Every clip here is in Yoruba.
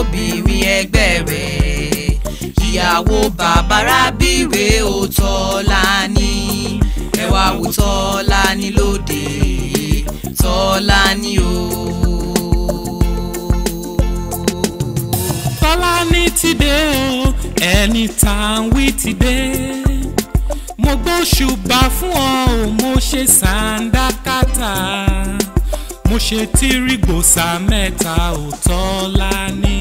obìnrin ẹgbẹ́ rẹ̀ ìyàwó bàbá rábìrè ó Tọ́lání ẹ wá wo Tọ́lání lóde Tọ́lání o. Tọ́lání ti dé o ẹni tá à ń wí ti dé mo gbóṣùbà fún ọ ò mo ṣe sàǹdà ṣe tí rìgbòsà mẹ́ta ò tọ́ lání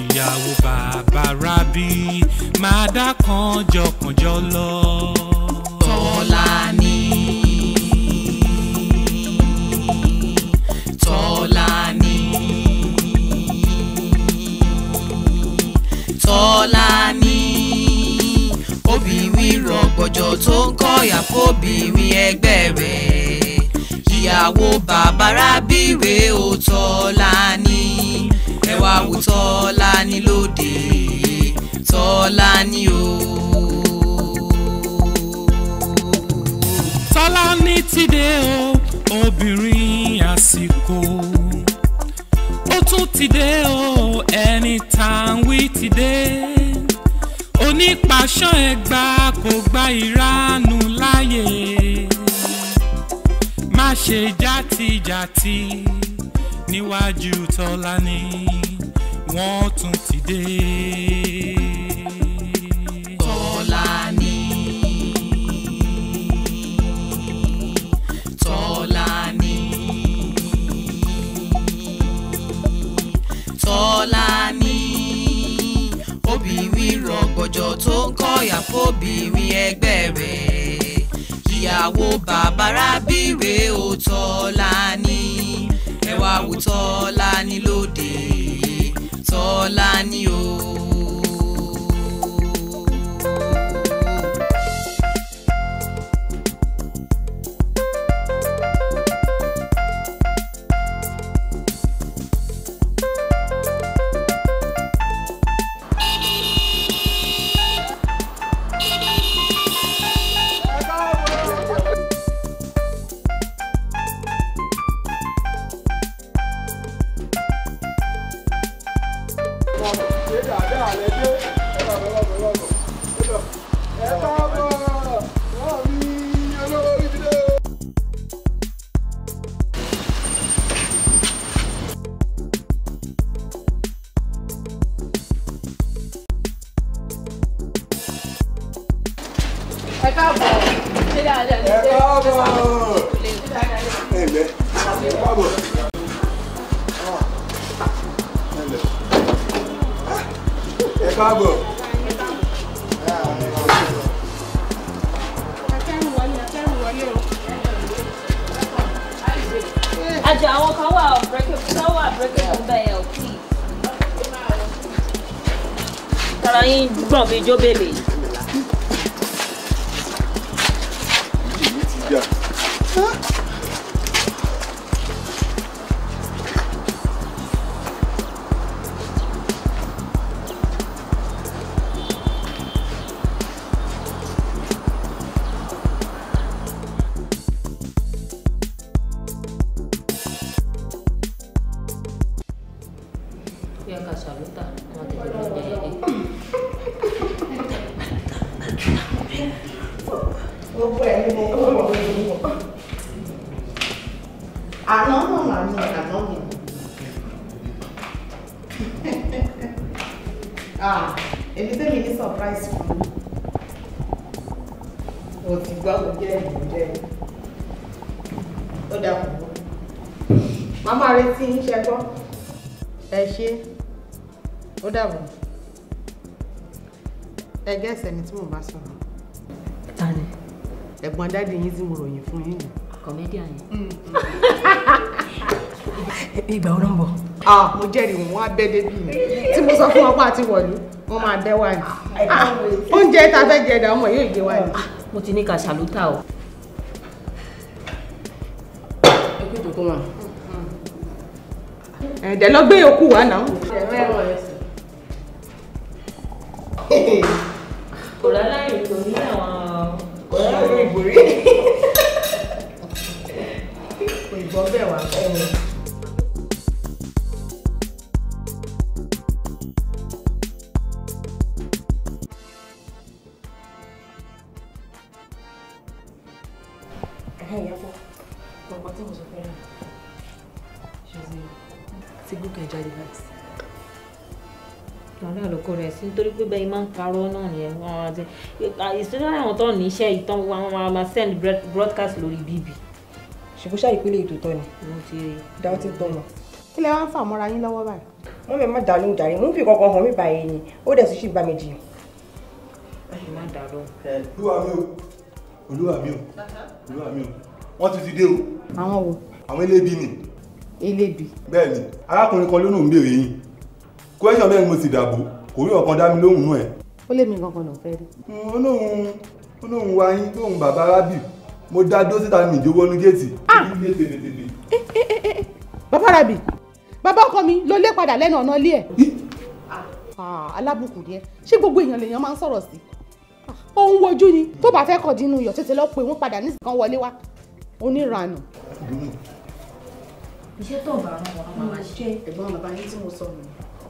ìyàwó bàbá rábí máa dá kànjọkànjọ lọ. Tọ́lání Tọ́lání Tọ́lání obìnrin rọ̀gbọ̀jọ̀ tó ń kọ̀yà fóbìnrin ẹgbẹ́ rẹ̀ ìyàwó bàbá rábìrè ó Tọ́lání ẹ wá wò Tọ́lání lóde Tọ́lání o. Tọ́lání ti dé o obìnrin àsìkò ó tún ti o ẹni tá à ń wí ti dé onípasán ẹgbàá kò gba ìranù láyè má ṣe játijàti níwájú tọ́lá ni wọ́n tún ti dé. tọ́lá ni tọ́lá ni tọ́lá ni obìnrin rọ̀gbọ̀jọ̀ tó ń kọ́ yàfóbìnrin ẹgbẹ́ rẹ̀ ìyàwó bàbá rábìrè ó Tọ́lání ẹwà wò Tọ́lání lóde Tọ́lání o. your baby. ẹni tí mò ń bá sọ̀rọ̀. ta ni. ẹ̀gbọ́n dáàdi yín tí mo ròyìn fún yín yìí. kọ̀mẹ́díà yẹn. Mm, mm. ìgbà wo ló ń bọ̀. mo jẹ́rìí wọn wá bẹ́ débi yìí tí mo sọ fún ọkọ àti wọ̀lú wọn máa bẹ́ wà ní. oúnjẹ tá a fẹ́ jẹ ẹ̀dá ọmọ yóò jẹ wà ní. mo ti ní ká ṣàlùtà o. ẹ kú ìjókòó wọn ẹ̀ẹ́dẹ̀ lọ gbé yòókù wá náà. kò ráláyè tó ní àwọn. kò ráláyè ìbòrí. kò ìbọn bẹ́ẹ̀ wá fẹ́ wọn. gbẹ̀yìn máa ń parọ́ náà nìyẹn wọ́n máa ti especially àwọn tó ní iṣẹ́ ìtàn wọn máa máa send broadcast lórí bb. ṣùgbọ́n ṣáà ìpínlẹ̀ ètò tọ́ ni dáwọ́ ti tọ́ mọ́. kí lẹ wá ń fà mọ́ra yín lọ́wọ́ báyìí. mo mẹ́ má dá lóhùn jàre fi kankan hàn mí báyìí ni ó dẹ̀ sì ṣì bá mi jiyàn. àwọn eléèbí ni. eléèbí. bẹ́ẹ̀ arákùnrin kan ló nù ń béèrè yín kúẹ́sọ̀ bẹ́ẹ̀ mo sì dàbò kò rí ọ̀kan dá mi lóhùn nú ẹ̀. ó lè mi gangan lọ fẹ́ rí. olóhùn olóhùn wa yín lóhùn bàbá rábì mo dá dó síta mi ìjó wọnú géètì. bàbá rábì bàbá ọkọ mi ló lé padà lẹ́nu ọ̀nà ilé ẹ̀. alábùkù ni ẹ ṣé gbogbo èèyàn lèèyàn máa ń sọ̀rọ̀ sí òun ah, wojú ni tó bá fẹ́ kọ̀ dínú iyọ̀ tètè lọ pé wọ́n padà nísìkan wọlé wá oníranù iṣẹ́ tó ń bá àwọn ọmọ máa ṣe ẹ̀gbọ́n bàbá yín tí mo sọ nù.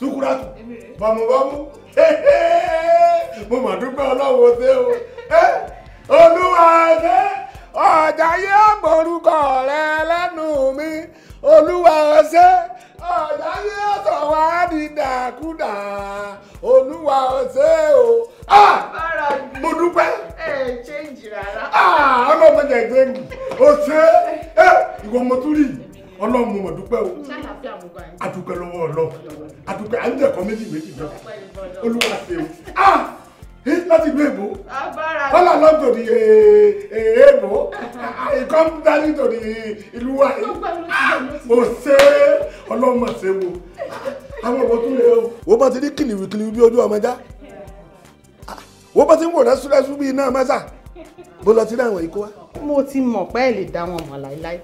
sukuratu bàmùbàmù mo mà dúpẹ́ ọlọ́wọ́ ṣe o olúwa ṣe ọjà yẹ gborúkọ rẹ lẹ́nu mi olúwa ṣe ọjà yẹ sọ̀wá dídàkúdà olúwa ṣe o mo dúpẹ́ ọlọ́mọdé gbẹ̀ngì o ṣe ìwọ mo tún rí yìí ọlọ́run mo mọ̀ dúpẹ́ o adúpẹ́ lọ́wọ́ ọlọ́run adúpẹ́ à ń jẹ̀kọ́ méjì méjì náà olúwa ṣe o ah! láti gbé èbó bọ́lá lọ́dọ̀ ní èèbó ìkan dání torí ìlú wa mo ṣe ọlọ́run mọ̀ ṣe wo àwọn ọ̀pọ̀ tún lè o. wo bá ti rí kìlìwì kìlìwì bí ojú ọmọ já ah! wo bá ti ń wò rẹ́súrẹ́sú bíi iná mẹ́sà bó lọ sí láwọn ikú wa. mo ti mọ̀ pé ẹ lè dá wọn mọ̀ láéláé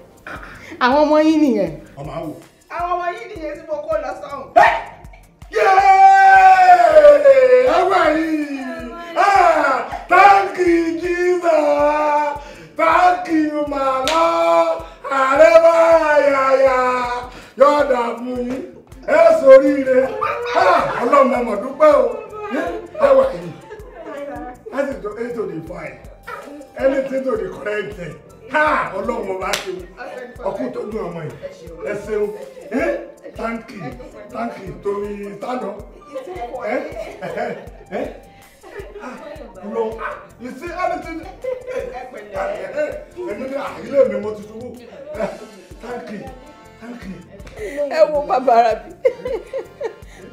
àwọn ọmọ yín nìyẹn. ọmọ àwò. àwọn ọmọ yín nìyẹn tí mo kó lọ sọ́hùn. yéé ọmọ yìí thank you Jesus thank you mama àrẹ́bá yàyà yọ̀ọ̀dà fún yín ẹ sórí rẹ ọlọ́run ọmọ dúpẹ́ o ẹwà yìí that's it to the fine anything to the correct thing ha ọlọ́run ọba ṣe ọkùn tó dùn ọmọ yìí ẹ ṣeun ẹ táǹkì táǹkì torí tánà ẹ ẹ lọ ìsí anything ẹni ní àyílẹ̀ mi mo ti dúró táǹkì táǹkì. ẹ wo bàbá ara bí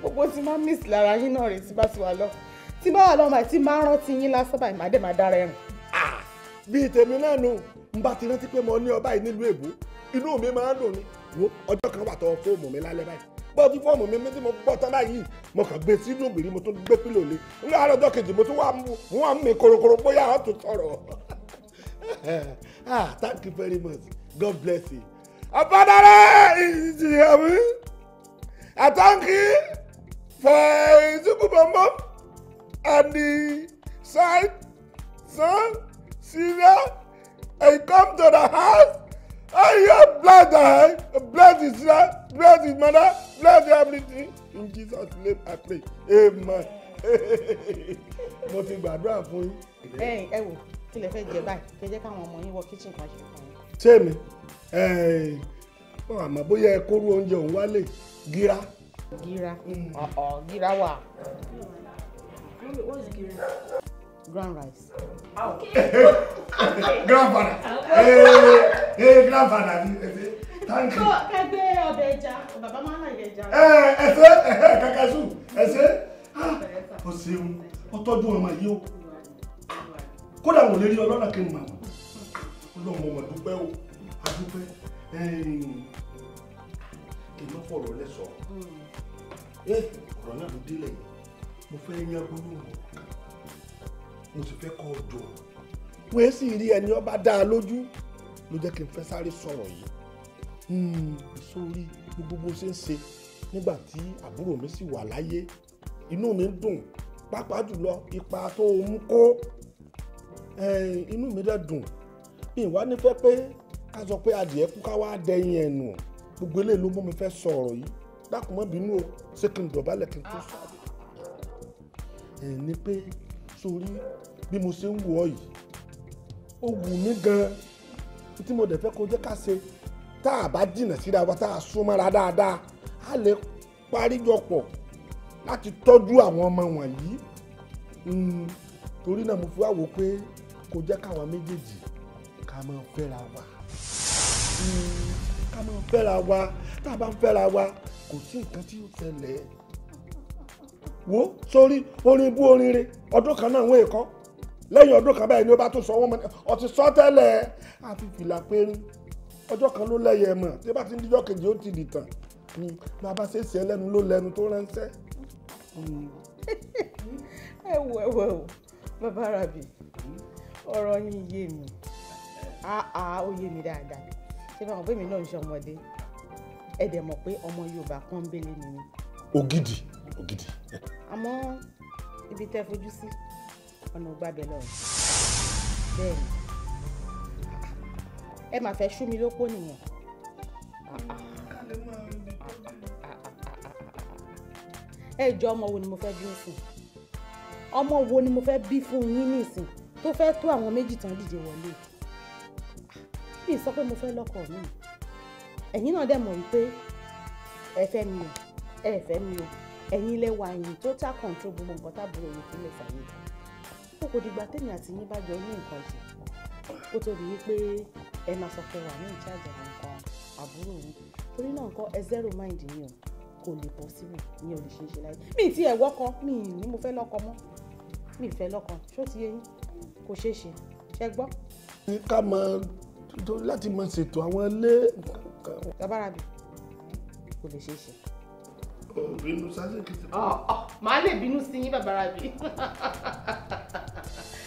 gbogbo tí máa miss lára yín náà rèé tí bá ti wà lọ tí bá wà lọ màá ti máa rántí yín lásán báyìí màá dẹ̀ máa dára ẹ̀rùn. bíi tèmi náà nù n bá ti rántí pé mo ní ọba yìí nílùú èbó inú mi máa ń dùn ni wo ọjọ́ kan wà tọ́ fóòmù mi lálẹ́ báyìí bọ́ọ̀dì fóòmù mi mi tí mo bọ́ tán báyìí mo kàn gbé sínú ògbìrì mo tún gbé pílò lé ní àárọ̀ ọjọ́ kejì mo tún wà mú wà mí korokoro bóyá àwọn tó sọ̀rọ̀ ah thank you very much god bless you. àbádárẹ́ ìjìyàmí àtàǹkì fẹ̀ẹ́ ìdúgbòmọ́ and the side sun syria. I come to the house. I hear bless the house. Bless his life. Bless his mother. Bless everything. In Jesus' name I pray. Amen. Mo ti gbàdúrà fún yín. Ẹ ẹ wò kí lè fẹ́ jẹ báyìí ọmọ yín wọ kíchìn kan ṣe fún yín. Ṣé mi? Wọ́n oúnjẹ òun gira, mm. wà. What's Grand rice. grandfather Hey, hey, grandfather thank you. kẹgbẹ́ ọbẹ̀ ẹja bàbá máa ń láyé ẹja. ẹ ẹ ṣe ẹ kàkà sùn ẹ eh, ṣe ah, ó ṣeun ó tọ́jú ọmọ yìí o kódà wọn lè rí ọlọ́nà kí n mọ̀ wọn lọ́mọ wọn dúpẹ́ o adúpẹ́ eh, kì í má fọ̀rọ̀ lẹ́sọ̀ọ́ hmm. eh, ọ̀rọ̀ náà ló délẹ̀ mo fẹ́ yan gbólóhùn mo sì fẹ́ kọ́ dùn. wọ́n sì rí ẹni ọba dá a lójú ló jẹ́ kí n fẹ́ sáré sọ̀rọ̀ yìí. Hmm, sórí gbogbo bó ṣe ń ṣe nígbà tí àbúrò mi sì wà láyé inú mi ń dùn pàápàá jùlọ ipa tó mú kó inú mi dẹ̀ dùn mi wá ní fẹ́ pé ká sọ pé adìẹ kú ká wá dẹyin ẹ̀ nù gbogbo eléyìí ló mú mi fẹ́ sọ̀rọ̀ yìí dákun bínú ṣé kí n dọ̀bálẹ̀ kí n tó sọ. ẹ ní pé sórí bí mo ṣe ń wò ọ yìí ó wù mí gan tí mo dẹ̀ fẹ́ kó jẹ́ ká ṣe tá a bá jìnnà síra wa tá a súnmọ́ra dáadáa a lè paríjọpọ̀ láti tọ́jú àwọn ọmọ wọ̀nyí hmm, torí náà mo fi wá wò pé kò jẹ́ káwọn méjèèjì ká máa fẹ́ra wa hmm, ká máa fẹ́ra wa tá a bá ń fẹ́ra wa kò sí nǹkan tí ó ṣẹlẹ̀ wo sórí orin bú orin re ọdún kan náà wọ́n èkọ́ lẹ́yìn ọdún kan báyìí ni ó bá tún sọ wọ́n mọ́ ọtí sọ tẹ́lẹ̀ àti fìlà péré ọjọ́ kan ló lẹ́yẹ mọ̀ tí bá ti ń díjọ́ kejì ó ti dìtàn bàbá ṣe é ṣe ẹlẹ́nu ló lẹ́nu tó ránṣẹ́. ẹ wò ẹ wò ó bàbá rabi ọ̀rọ̀ yín yé mi àá ó yé mi dáadáa ṣé báwọn bẹ́ẹ̀ mi náà ń ṣe ọmọdé ẹ dẹ̀ mọ̀ pé ọmọ Yorùbá kan ń bẹ́lẹ̀ nìyẹn. ògidì ògidì. àmọ́ ibi tẹ́ fojú sí ọ̀nà ògbàbẹ̀ lọ bẹ́ẹ̀ ni ẹ máa fẹ́ ṣú mi lóko nìyẹn. ẹ jọ ọmọ wo ni mo fẹ́ bí ń sìn ọmọ wo ni mo fẹ́ bí fún yín nísìn tó fẹ́ tó àwọn méjì tán dìde wọlé mi sọ pé mo fẹ́ lọ́kọ mi ẹ̀yin náà dẹ̀ mọ̀ wípé ẹ fẹ́ mi ẹ fẹ́ mi o ẹ̀yin lẹ wà yìí total control gbogbo nǹkan tábìlì òye fúnlẹ̀ fàyè ó kò dìgbà tèmi àti yín bá jọ ní nǹkan ṣe kó tó di wípé ẹ máa sọ pé wà ní ìjájà nǹkan àbúrò yín torí náà nǹkan ẹ zero mind ni o kò lè bọ́ síbù ní olè ṣe é ṣe láyé mi ti ẹ̀ wọ́kọ mi ì ní mo fẹ́ lọ́kọ mọ́ mi ì fẹ́ lọ́kọ ṣó ti yé yín kò ṣeé ṣe ṣe gbọ́. ká máa láti máa ṣètò àwọn ilé. babarabi kò lè ṣeé ṣe bínú sáṣẹ kìtì. màá lè bínú sí yín bàbára bí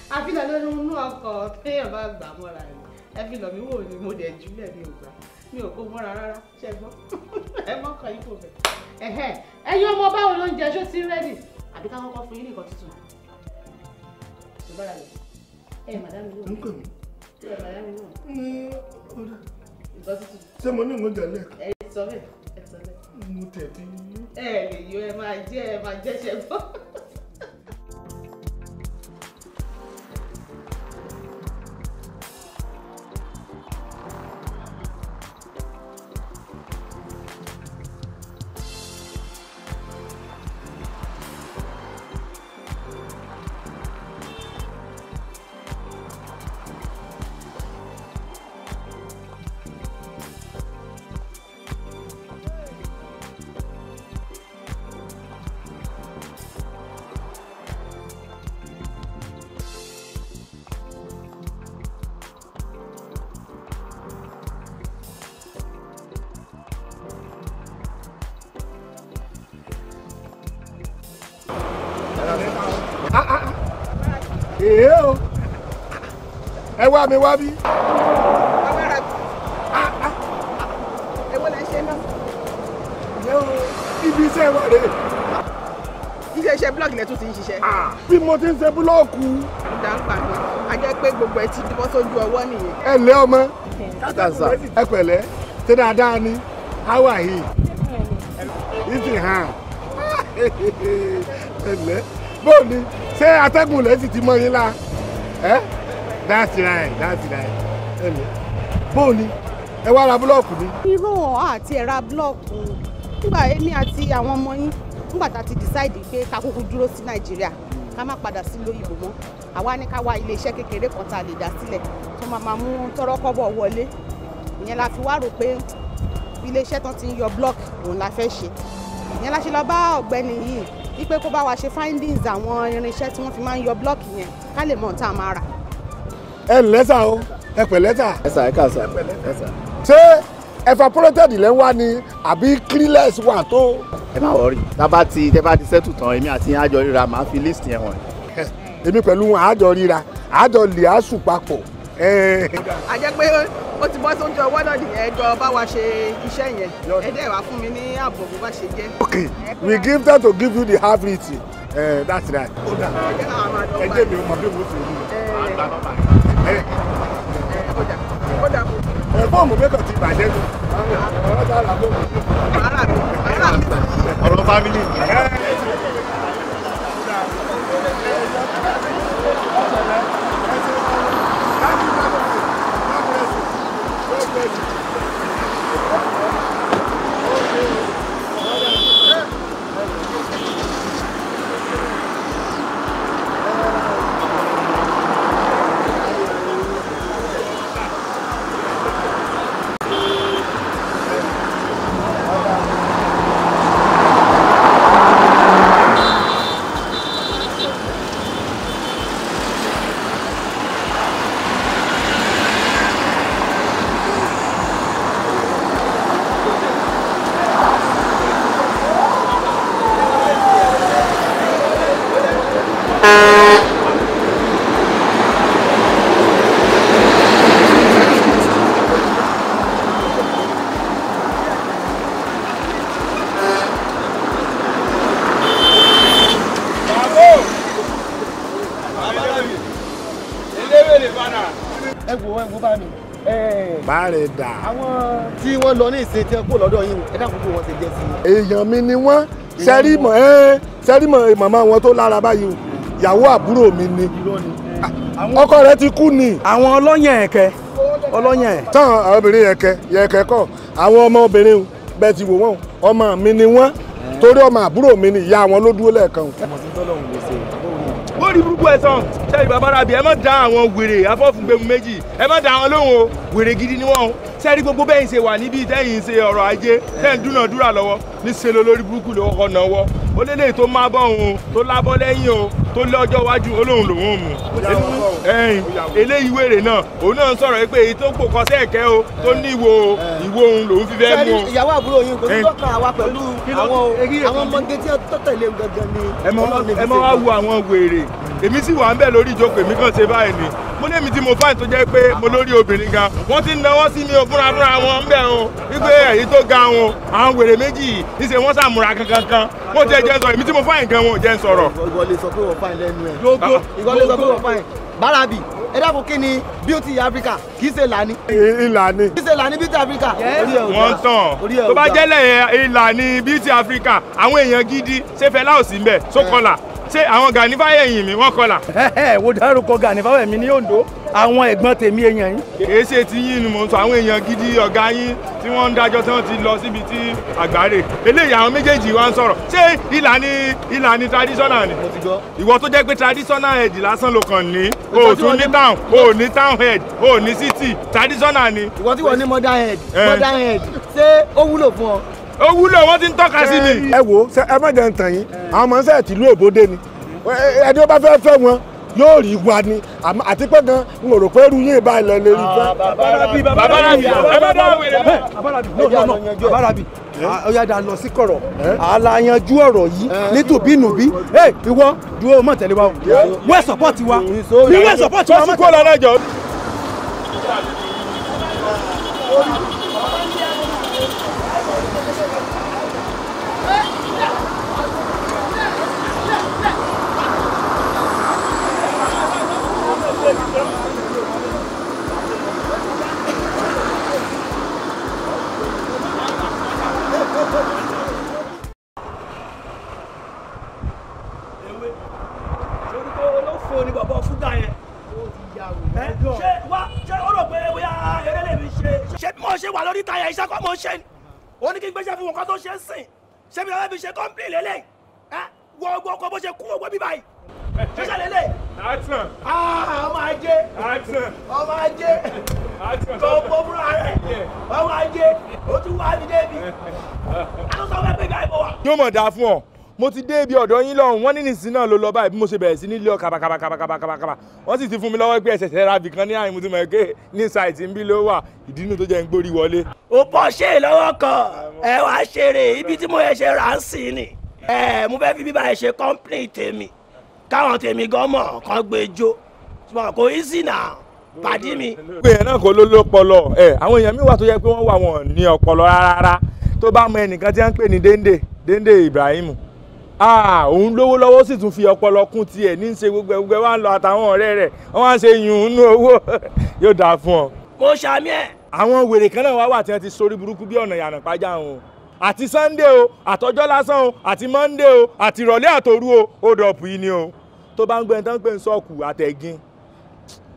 àfihàn lórí inú ọkọ téèyàn bá gbà mọ́ra rẹ̀ ẹ fi lọ̀ mí wò ni mo dẹ̀ jùlẹ̀ mi ò gbà mi ò kó mọ́ra rárá ṣe gbọ́ ẹ mọ́kàn yín kò bẹ̀ ẹ̀yin ọmọ báwo ló ń jẹ ṣó sí rẹ́dì àbí ká kọ́kọ́ fún yín nìkan tuntun ìbára lọ ẹ màdámi lóhùn. n kò ní. ẹ màdámi lóhùn. ní ọ̀dà. ìgbà tuntun. ṣé mo ní ìmọ̀jà lẹ́ẹ̀kan. ẹ sọ bẹ́ẹ̀ ẹ sọ bẹ́ẹ̀. mo tẹ̀ fi ẹ lè yọ ẹ máa jẹ ẹ máa jẹ ṣẹgbọn. bá mi wá bí. ibi iṣẹ́ wa rèé. iṣẹ́ iṣẹ́ búlọ́ọ̀gì lẹ́tún ti ń ṣiṣẹ́. bí mo ti ń ṣe búlọ́ọ̀kù. ìdá ń pa mi a jẹ́ pé gbogbo ẹ ti dúró sójú ọwọ́ nìyẹn. ẹ ǹlẹ́ ọmọ kàtàǹsà ẹ pẹ̀lẹ́ ṣé dáadáa ni how are you? ìsìn hàn ẹ ǹlẹ́ bóòní ṣé atẹ́gùn lẹ́sìn ti mọ yín la that's right that's right ẹ̀mí bóun ni ẹ wá ra búlọ́ọ̀kù ni. irú àti ẹ̀ra búlọ́ọ̀kù nígbà èmi àti àwọn ọmọ yín nígbà tá a ti decide pé ká kúkú dúró sí nàìjíríà ká má padà sí lóyìnbó mọ́ àwa ní ká wá iléeṣẹ́ kékeré kan tá a lè dá sílẹ̀ tó máa máa mú tọ́rọ́kọ́bọ̀ wọlé ìyẹn la fi wá rò pé iléeṣẹ́ tán ti ń yọ block òun la fẹ́ ṣe ìyẹn la ṣe lọ bá ọ̀gbẹ́ni yìí wípé kó bá wa ṣe findings àwọn irinṣẹ́ tí wọ́n fi máa ń yọ block yẹn ká lè mọ̀ tá a máa rà ẹ ǹlẹ́ sà o ẹ pẹ̀lẹ́ sà. ẹ sà ẹ kà sà ẹ sà. ṣé evaporated lẹ́ ń wá ni àbí cleanless wà tó. ẹ má wọrí tábà ti tẹ́bà ti sẹ́tù tán èmi àti àjọ ríra màá fi list yẹn wọ̀nyí. èmi pẹ̀lú wọn àjọ ríra àjọ lè àṣù papọ̀. a jẹ́ pé ó ti bọ́ sóúnjẹ owó náà nìyẹn jọ bá wa ṣe iṣẹ́ yẹn ẹ̀dẹ̀ wá fún mi ní ààbò bó bá ṣe jẹ́. okay we give them to give you the half litre uh, that's right. ẹ jẹ́ mi ò mọ̀ bí mo ti rí i fọ́ọ̀mù rẹ̀ dà. àwọn tí wọ́n lọ ní ìsìn tí wọ́n kó lọ́dọ̀ yìí ẹ dákun kó wọn ti jẹ́ sí i. èèyàn mi ni wọ́n sẹ́rímọ̀ ẹ́ sẹ́rímọ̀ màmá wọn tó lára báyìí ìyàwó àbúrò mi ni ah, ọkọ rẹ̀ ti kú ni. àwọn ọlọ́yàn ẹ̀kẹ́ ọlọ́yàn ẹ̀. tán obìnrin ẹ̀kẹ́ yẹ̀kẹ́ kọ́ àwọn ọmọ obìnrin bẹ́ẹ̀ ti wò wọ́n ọmọ mi ni wọ́n torí ọmọ àbúrò mi ni ìyá wọn ló dúró lẹ́ẹ̀kan. wọ́n rí burúkú ẹ̀ sàn ṣe ìbàbára bíi ẹ má dá àwọn wèrè afọ́fúngbẹ̀mù méjì ẹ má dá wọn lóhùn o wèrè gidi ni wọn o sẹ́ẹ̀rí gbogbo bẹ́yìn ṣe wà níbi tẹ́yìn ṣe ọ̀rọ̀ ajé tẹ́yìn dúnàdúrà lọ́wọ́ níṣẹ́ ló lórí burúkú ló kọ́kọ́ náwọ́ ó lélẹ̀ tó máa bọ̀ òun tó lábọ́ lẹ́yìn o tó lọ́jọ́ iwájú olóhùn lòun mú eléyìí wèrè náà òun náà ń sọ̀rọ̀ pé èyí tó pò kan sẹ́ẹ̀kẹ́ o tó ní ìwo ìwo òun lòun fi fẹ́ mú o. ìyàwó àbúrò yín kò ní lọ́kàn àwa pẹ̀lú àwọn ọmọge tí wọ́n tẹ̀lé gangan ni. ẹ mọ wá wo àwọn wèrè èmi sì wà ń bẹ̀ lórí ìjókòó èmi kàn ṣe báyìí ni mo ní èmi tí mo fáìn tó jẹ́ pé mo lórí obìnrin gan wọ́n ti ń náwó sí mi òfúnra fúnra wọn ń bẹ̀ wọn wípé èyí tó ga wọn àwọn wèrè méjì yìí níṣẹ́ wọ́n sàmúra kankan wọ́n ti ẹ̀ jẹ́ sọ̀rọ̀ èmi tí mo fáìn gan wọn ò jẹ́ sọ̀rọ̀. ìwọlé sọ pé wọ́n fáìn lẹ́nu ẹ̀. lógo ìwọlé sọ pé wọ́n fáìn bárabi ẹ dákun kí ni beauty africa kì í ṣe lani. ìlànì. kì í ṣe lani beauty africa. wọ́n tàn tó bá jẹ́lẹ̀ ìlànì beauty africa àwọn èèyàn gidi ṣe fẹ́ láòsì ń bẹ̀ sókọlà ṣé àwọn Gani Fáyẹ̀yìn mi wọ́n kọlà. wo dárúkọ Gani Fáyẹ̀mí ní Ondo àwọn ẹ̀gbọ́n tèmi èèyàn yín. kìí ṣe ti yín ni mò ń sọ àwọn èèyàn gidi ọ̀gá yín tí wọ́n ń dájọ́ tí wọ́n ti lọ síbi tí àgbáre eléyìí àwọn méjèèjì wa ń sọ̀rọ̀ ṣé ìlà ni ìlà ni traditional ni. ìwọ tó jẹ́ pé traditional head lásán ló kàn ní o tún ní town o ní town head o ní city traditional ni. ìwọ tí wọ́n ní modern head eh. modern head ṣé ó wúlò fún ọ ó wúlò wọ́n ti ń tọ́ka sí mi. ẹ wo ẹ má jẹun tàn yín àwọn ọmọ ṣe tìlú èbódé ni ẹni ó bá fẹ́ fẹ́ wọn yóò rí wa ni àti pé gan n ò rò pé irú yín ìbá ilẹ̀ lè rí fẹ́. Ah, babarabi babarabi ẹ bá dá wèrè bẹ́ẹ̀. babarabi no no no babarabi ah, ó yá dá lọ sí kọ̀rọ̀ àlà yanjú ọ̀rọ̀ yìí nítòbínúbí ìwọ dúró mọ̀ tẹ̀lé wa wẹ́ẹ̀ sọ́pọ̀tì wa wẹ́ẹ̀ sọ́pọ̀tì wa mọ̀ tẹ̀lé wa. wà lórí táyà iṣẹ́ kọ́ mọ̀ ṣe ni ó ní kí n gbéṣẹ́ fún wọn kó tó ṣe ń sìn ṣé mi lọ́wọ́ fi ṣe kọ́ńpìlì lélẹ̀ ẹ wọ ọgbọ́n ọkọ̀ bó ṣe kú owó bíbáyìí ṣíṣe lélẹ̀. àtàn. Ah, ọmọ ajé. àtàn. ọmọ ajé. àtàn. tó bó fúnra rẹ̀ ọmọ ajé ó tún wá ní débi. a ló sọ fẹ́ pé ká ìbò wa. yóò mọ̀ dáa fún ọ mo ti dé ibi ọ̀dọ̀ yín lọ́hùn wọ́n ní nìsín náà ló lọ báyìí bí mo ṣe bẹ̀rẹ̀ sí nílé ọ̀kà bàkàbàkàbàkàbàkàbà wọ́n sì ti fún mi lọ́wọ́ pé ẹ̀sẹ̀ ṣẹ̀ra bì kan ní àyìn mùtúmọ̀ èké ní ṣáìtì ń bí ló wà ìdínú tó jẹ́ ń gbórí wọlé. ó bọ́ ṣe lọ́wọ́ kan ẹ wá ṣeré ibi tí mo yẹ ṣe rà ń sìn ni ẹ mo fẹ́ fi bíbá ẹ ṣe kọ́ńpìnì mi. pé ẹ náà kò ló lọ́pọlọ ẹ mi wà tó yẹ pé wọ́n wà wọ́n ní ọpọlọ rárá tó bá mọ ẹnìkan tí wọ́n ń pè ní déndé déndé Ibrahim òun lówó lọ́wọ́ sì tún fi ọpọlọ kún tiẹ̀ ní ṣe gbogbo ẹgbẹ́ wa ń lọ àtàwọn ọ̀rẹ́ rẹ̀ wọ́n á ṣe yùn ún owó yóò dáa fún ọ. mo ṣàmì ẹ. àwọn wèrè kan náà wá wà tí wọ́n ti sorí burúkú bí ọ̀nà ìyànà pàjá wọn àti Sunday o àtọjọ́ lásán o àti Monday o àti ìrọ̀lẹ́ àtòru o ó dọ̀pù yìí ni o tó bá ń gbẹ́ tán pé ń sọ̀kù àtẹ̀gín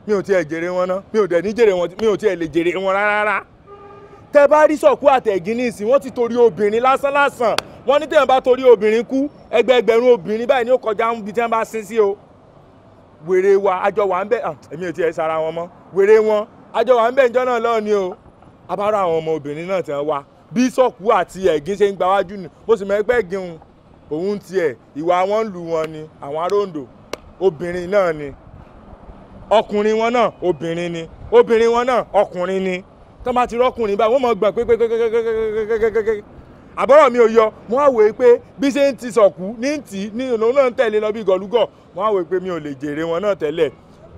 mi ò tiẹ̀ jèrè wọn ná mi ò dẹ̀ ní jèrè wọn mi ò tiẹ̀ lè jèrè wọn rárá tẹ bá rí sọ̀kù àtẹ̀gín ní wọ́n ti torí obìnrin lásán lásán wọ́n ní tẹ̀yìn bá torí obìnrin kú ẹgbẹẹgbẹ̀rún obìnrin báyìí ní ó kọjá níbi tí wọ́n bá sin sí o wèrè wa àjọ wà ń bẹ̀ èmi ò tiẹ̀ sara wọn mọ́ wèrè wọn àjọ wà ń bẹ̀ ìjọ náà lọ́ọ̀ ni o abára àwọn ọmọ obìnrin náà ti ń wa bíṣọ̀pù àti ẹ̀gín ṣe ń gba wájú ni mo sì mọ ẹgbẹ́ gíun òun tiẹ̀ ìwà wọn lù wọn ni àwọn aróńdò obìnrin náà ni ọkùnrin wọn náà obìnrin ni obìnrin wọn náà ọkùnrin ni tọ́ bá ti rọ́kùnrin báyìí wọ́n mọ̀ gbọ̀n pé pé pé pé pé pé pé pé pé pé àbọ̀rọ̀ mi ò yọ mo á wòye pé bí ṣe ń ti sọ̀kú ní tì ní òun náà ń tẹ̀lé lọ bí gọ̀lúgọ̀ mo á wòye pé mi ò lè jèrè wọn náà tẹ́lẹ̀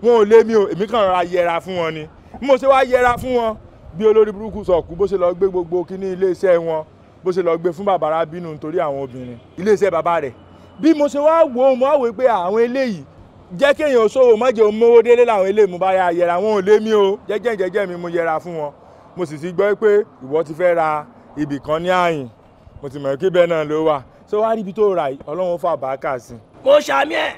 wọn ò lé mi ò èmi kàn ra yẹra fún wọn ni bí mo ṣe wá yẹra fún wọn bí olórí burúkú sọ̀kú bó ṣe lọ gbé gbogbo kíní iléeṣẹ́ wọn bó ṣe lọ gbé fún bàbá arábínú nítorí àwọn obìnrin iléeṣẹ́ bàbá rẹ̀ bí mo ṣe wá wò ó mo á wòye pé àwọn eléyìí jẹ́ kéèyàn ṣòwò mọ́jẹ́ omówó délé làwọn eléyìí mo bá ya yẹra wọn ò lé mi o jẹ́jẹ́ jẹ́jẹ́ mi mo yẹra fún wọn mo sì ti gbọ́ pé ìwọ ti fẹ́ ra ibì kan ní àyìn mo ti mọ̀ kí bẹ́ẹ̀ náà ló wà so wá rí ibi tó rà yìí ọlọ́run fà bàákà sí. mo ṣàmì ẹ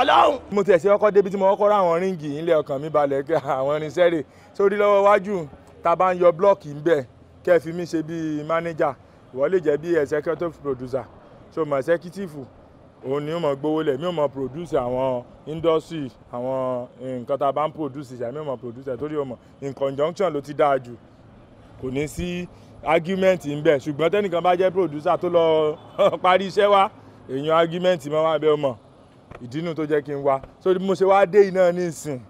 ọlọ́run. mo tiẹ̀ ṣe kọ́kọ́ débi tí mo kọ́kọ́ rà àwọn ríǹgì yìí ńlẹ̀ ọkàn mi balẹ̀ kí àwọn irinṣẹ́ rè sórí lọ́wọ́ wájú tá a bá ń yọ blọ́ọ̀kì ń bẹ̀ kẹ́ ẹ fi mí ṣe bíi mánéjà ìwọ lè jẹ́ bíi executive producer so mo executive òun ni ó mọ̀ gbowó lẹ̀ mi ò mọ̀ produce àwọn industry àwọn nǹkan tá a bá ń produce ṣàmì ò mọ̀ produce torí ò mọ̀ in conjunction ló ti dáa jù kò ní sí argument ń bẹ ṣùgbọ́n tẹ́nìkan bá jẹ́ producer tó lọ parí iṣẹ́ wa èèyàn argument máa wà bẹ́ẹ̀ mọ̀ ìdínú tó jẹ́ kí n wá so mo ṣe wá dé iná nísìn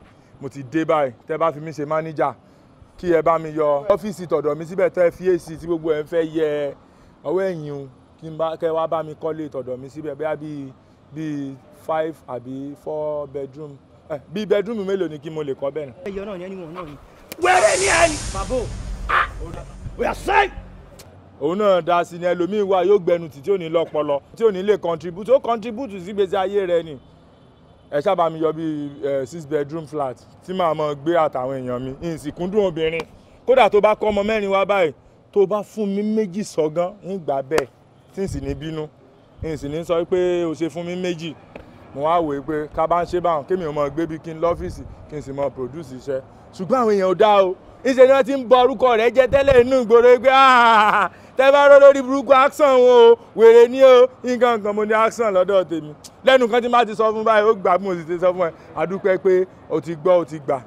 mo ti dé báyìí tẹ́ bá fi mí ṣe manager kí ẹ bá mi yọ ọ́fíìsì tọ̀dọ̀ mi síbẹ̀ tẹ́ fi èsì tí gbogbo ẹ̀ ń fẹ́ yẹ ọwọ́ ẹ̀yìn o kí n bá kẹ́ wá bá mi kọ́lé tọ̀dọ̀ mi síbẹ̀ bẹ́ẹ̀ bíi bíi five àbí four bedroom eh, bíi bedroom mélòó ni kí mo lè kọ́ bẹ́ẹ̀ ni. ẹyọ náà ni ẹni wọn náà ni. wẹ́rẹ́ ni ẹni. bàbá o. Ah! we are safe. òun náà dá sí ni ẹlòmíín wá yóò gbẹnu tì tí ò ní lọ́pọlọ tí ò ní lè contribute ó contribute sí gbèsè ayé rẹ ni ẹ sábà mi yọ bíi six bedroom flat tí màá mọ gbé àtàwọn èèyàn mi ìsìnkúndùn obìnrin kódà tó bá kọ́ ọmọ mẹ́rin wá báyìí tó bá fún mi méjì sọ́gán ń gbà bẹ́ẹ̀ tí n sì ní bínú n sì ní sọ pé o ṣe fún mi méjì mo wá wòye pé ká bá ń ṣe báwọn kémi ò mọ gbé bí kí n lọ́fíìsì kí n sì mọ produce iṣẹ́ ṣùgbọ́n àwọn èèyàn ò dá o ìṣe ni wọ́n ti ń bọ orúkọ rẹ̀ jẹ́ tẹ́lẹ̀ inú ìgboro pé tẹ́fà ró lórí burúkú action o wèrè ní o nǹkan kan mo ní action lọ́dọ̀ tèmi lẹ́nu kan tí má ti sọ fún báyìí ó gbà mo sì ti sọ fún ẹ àdúpẹ́ pé o ti gbọ́ o ti gbà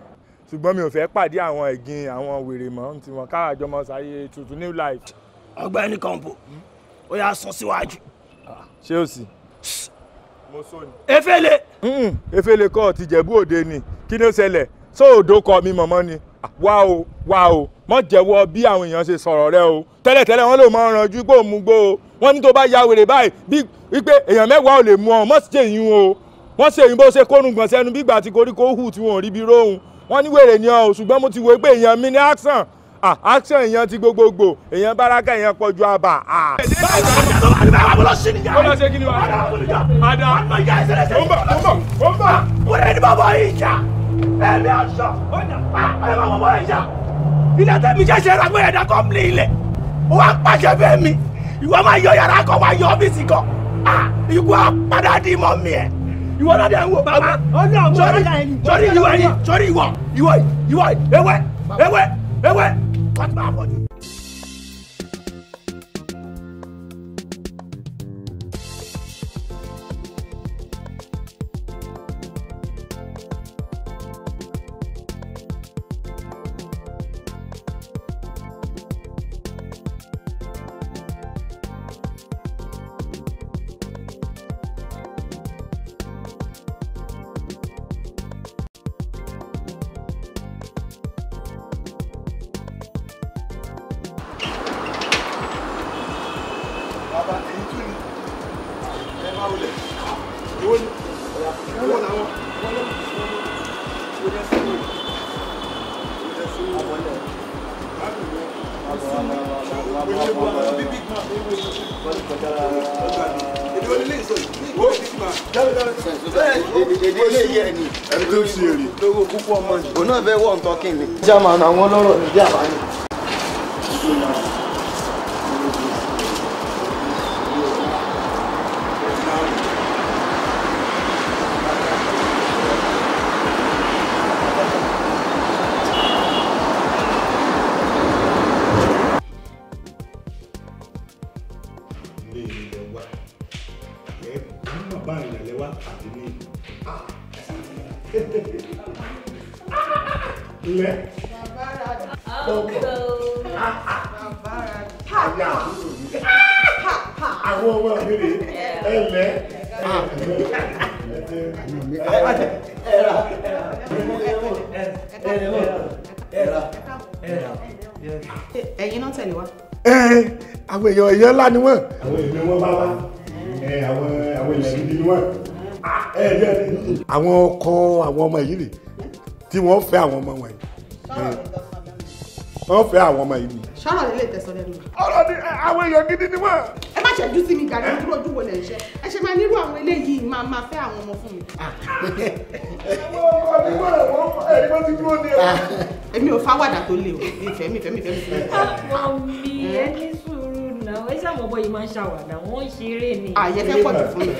ṣùgbọ́n mi ò fẹ́ pàdé àwọn ẹ̀gìn àwọn wèrè mọ́ tiwọn káàjọ mọ́ sáyé tuntun new life. ọ̀gbẹ́ni kọ̀ǹpù ó yà sọ síwájú. Ah, ṣé o sì. mo sọ ni. efele. efele kọ́ ti Jẹ̀bú Òde ni kí ni ó ṣẹlẹ̀ so òdo kọ mi mọ̀mọ́ ni wá o wá o mọ̀ jẹ́wọ́ bí àwọn èèyàn ṣe sọ̀rọ̀ rẹ o tẹ́lẹ̀tẹ́lẹ̀ wọ́n lè mọ ọ̀ràn ju gbó mu gbó o Wọn ní tó bá ya wèrè báyìí bí wípé èèyàn mẹ́wàá ò lè mu ọ mọ̀ sí èyí o wọ́n ṣe èyí bó ṣe kónú gbọ̀nsẹ́nu bí ìgbà tí koríko hù tí wọn ò rí bí róhùn wọ́n ní wèrè ni ọ ṣùgbọ́n mo ti wò pé èèyàn mi ní accent action èèyàn ti gbogbogbò èèyàn báraka èèyàn pọ̀ ju àbà. ilé tẹ́mi ṣẹ̀ṣẹ̀ ra pé ẹ̀dá kan lé ilẹ̀ wọ́n á pàṣẹ fẹ́ mi ìwọ máa yọ yàrá kan máa yọ ọ́fíìsì kan ìwọ padà di mọ́ mi ẹ̀ ìwọ náà dẹ̀ ń wò bàbá sórí ìwọ yìí sórí ìwọ ìwọ ìwọ ewé ewé ewé. 我打过去。ကြမှာတော့ငိုလို့လို့ပြပါ ńlá ni wọ́n. àwọn ìgbé wọn bá bá àwọn àwọn ilẹ̀ gidi ni wọ́n. àwọn ọkọ àwọn ọmọ yìí rè tí wọ́n fẹ́ àwọn ọmọ wọn yìí wọ́n fẹ́ àwọn ọmọ yìí ni. sọ̀rọ̀ lè lè lẹ́nu. ọ̀rọ̀ àwọn èèyàn gidi ni wọ́n. ẹ má ṣe sí mi gàdí ojú ojú wo lè ṣe máa nírú àwọn eléyìí máa máa fẹ́ àwọn ọmọ fún mi. èmi ò fáwàdà tó le o mi fẹ́ mi fẹ́ mi fẹ́ mi fẹ́. mi ẹni sọ àfẹsẹ àwọn ọmọ yìí máa ń ṣàwàdà wọn ń ṣeré ni. àyè ah, fẹ́ pọ̀ jù fún mi fẹ́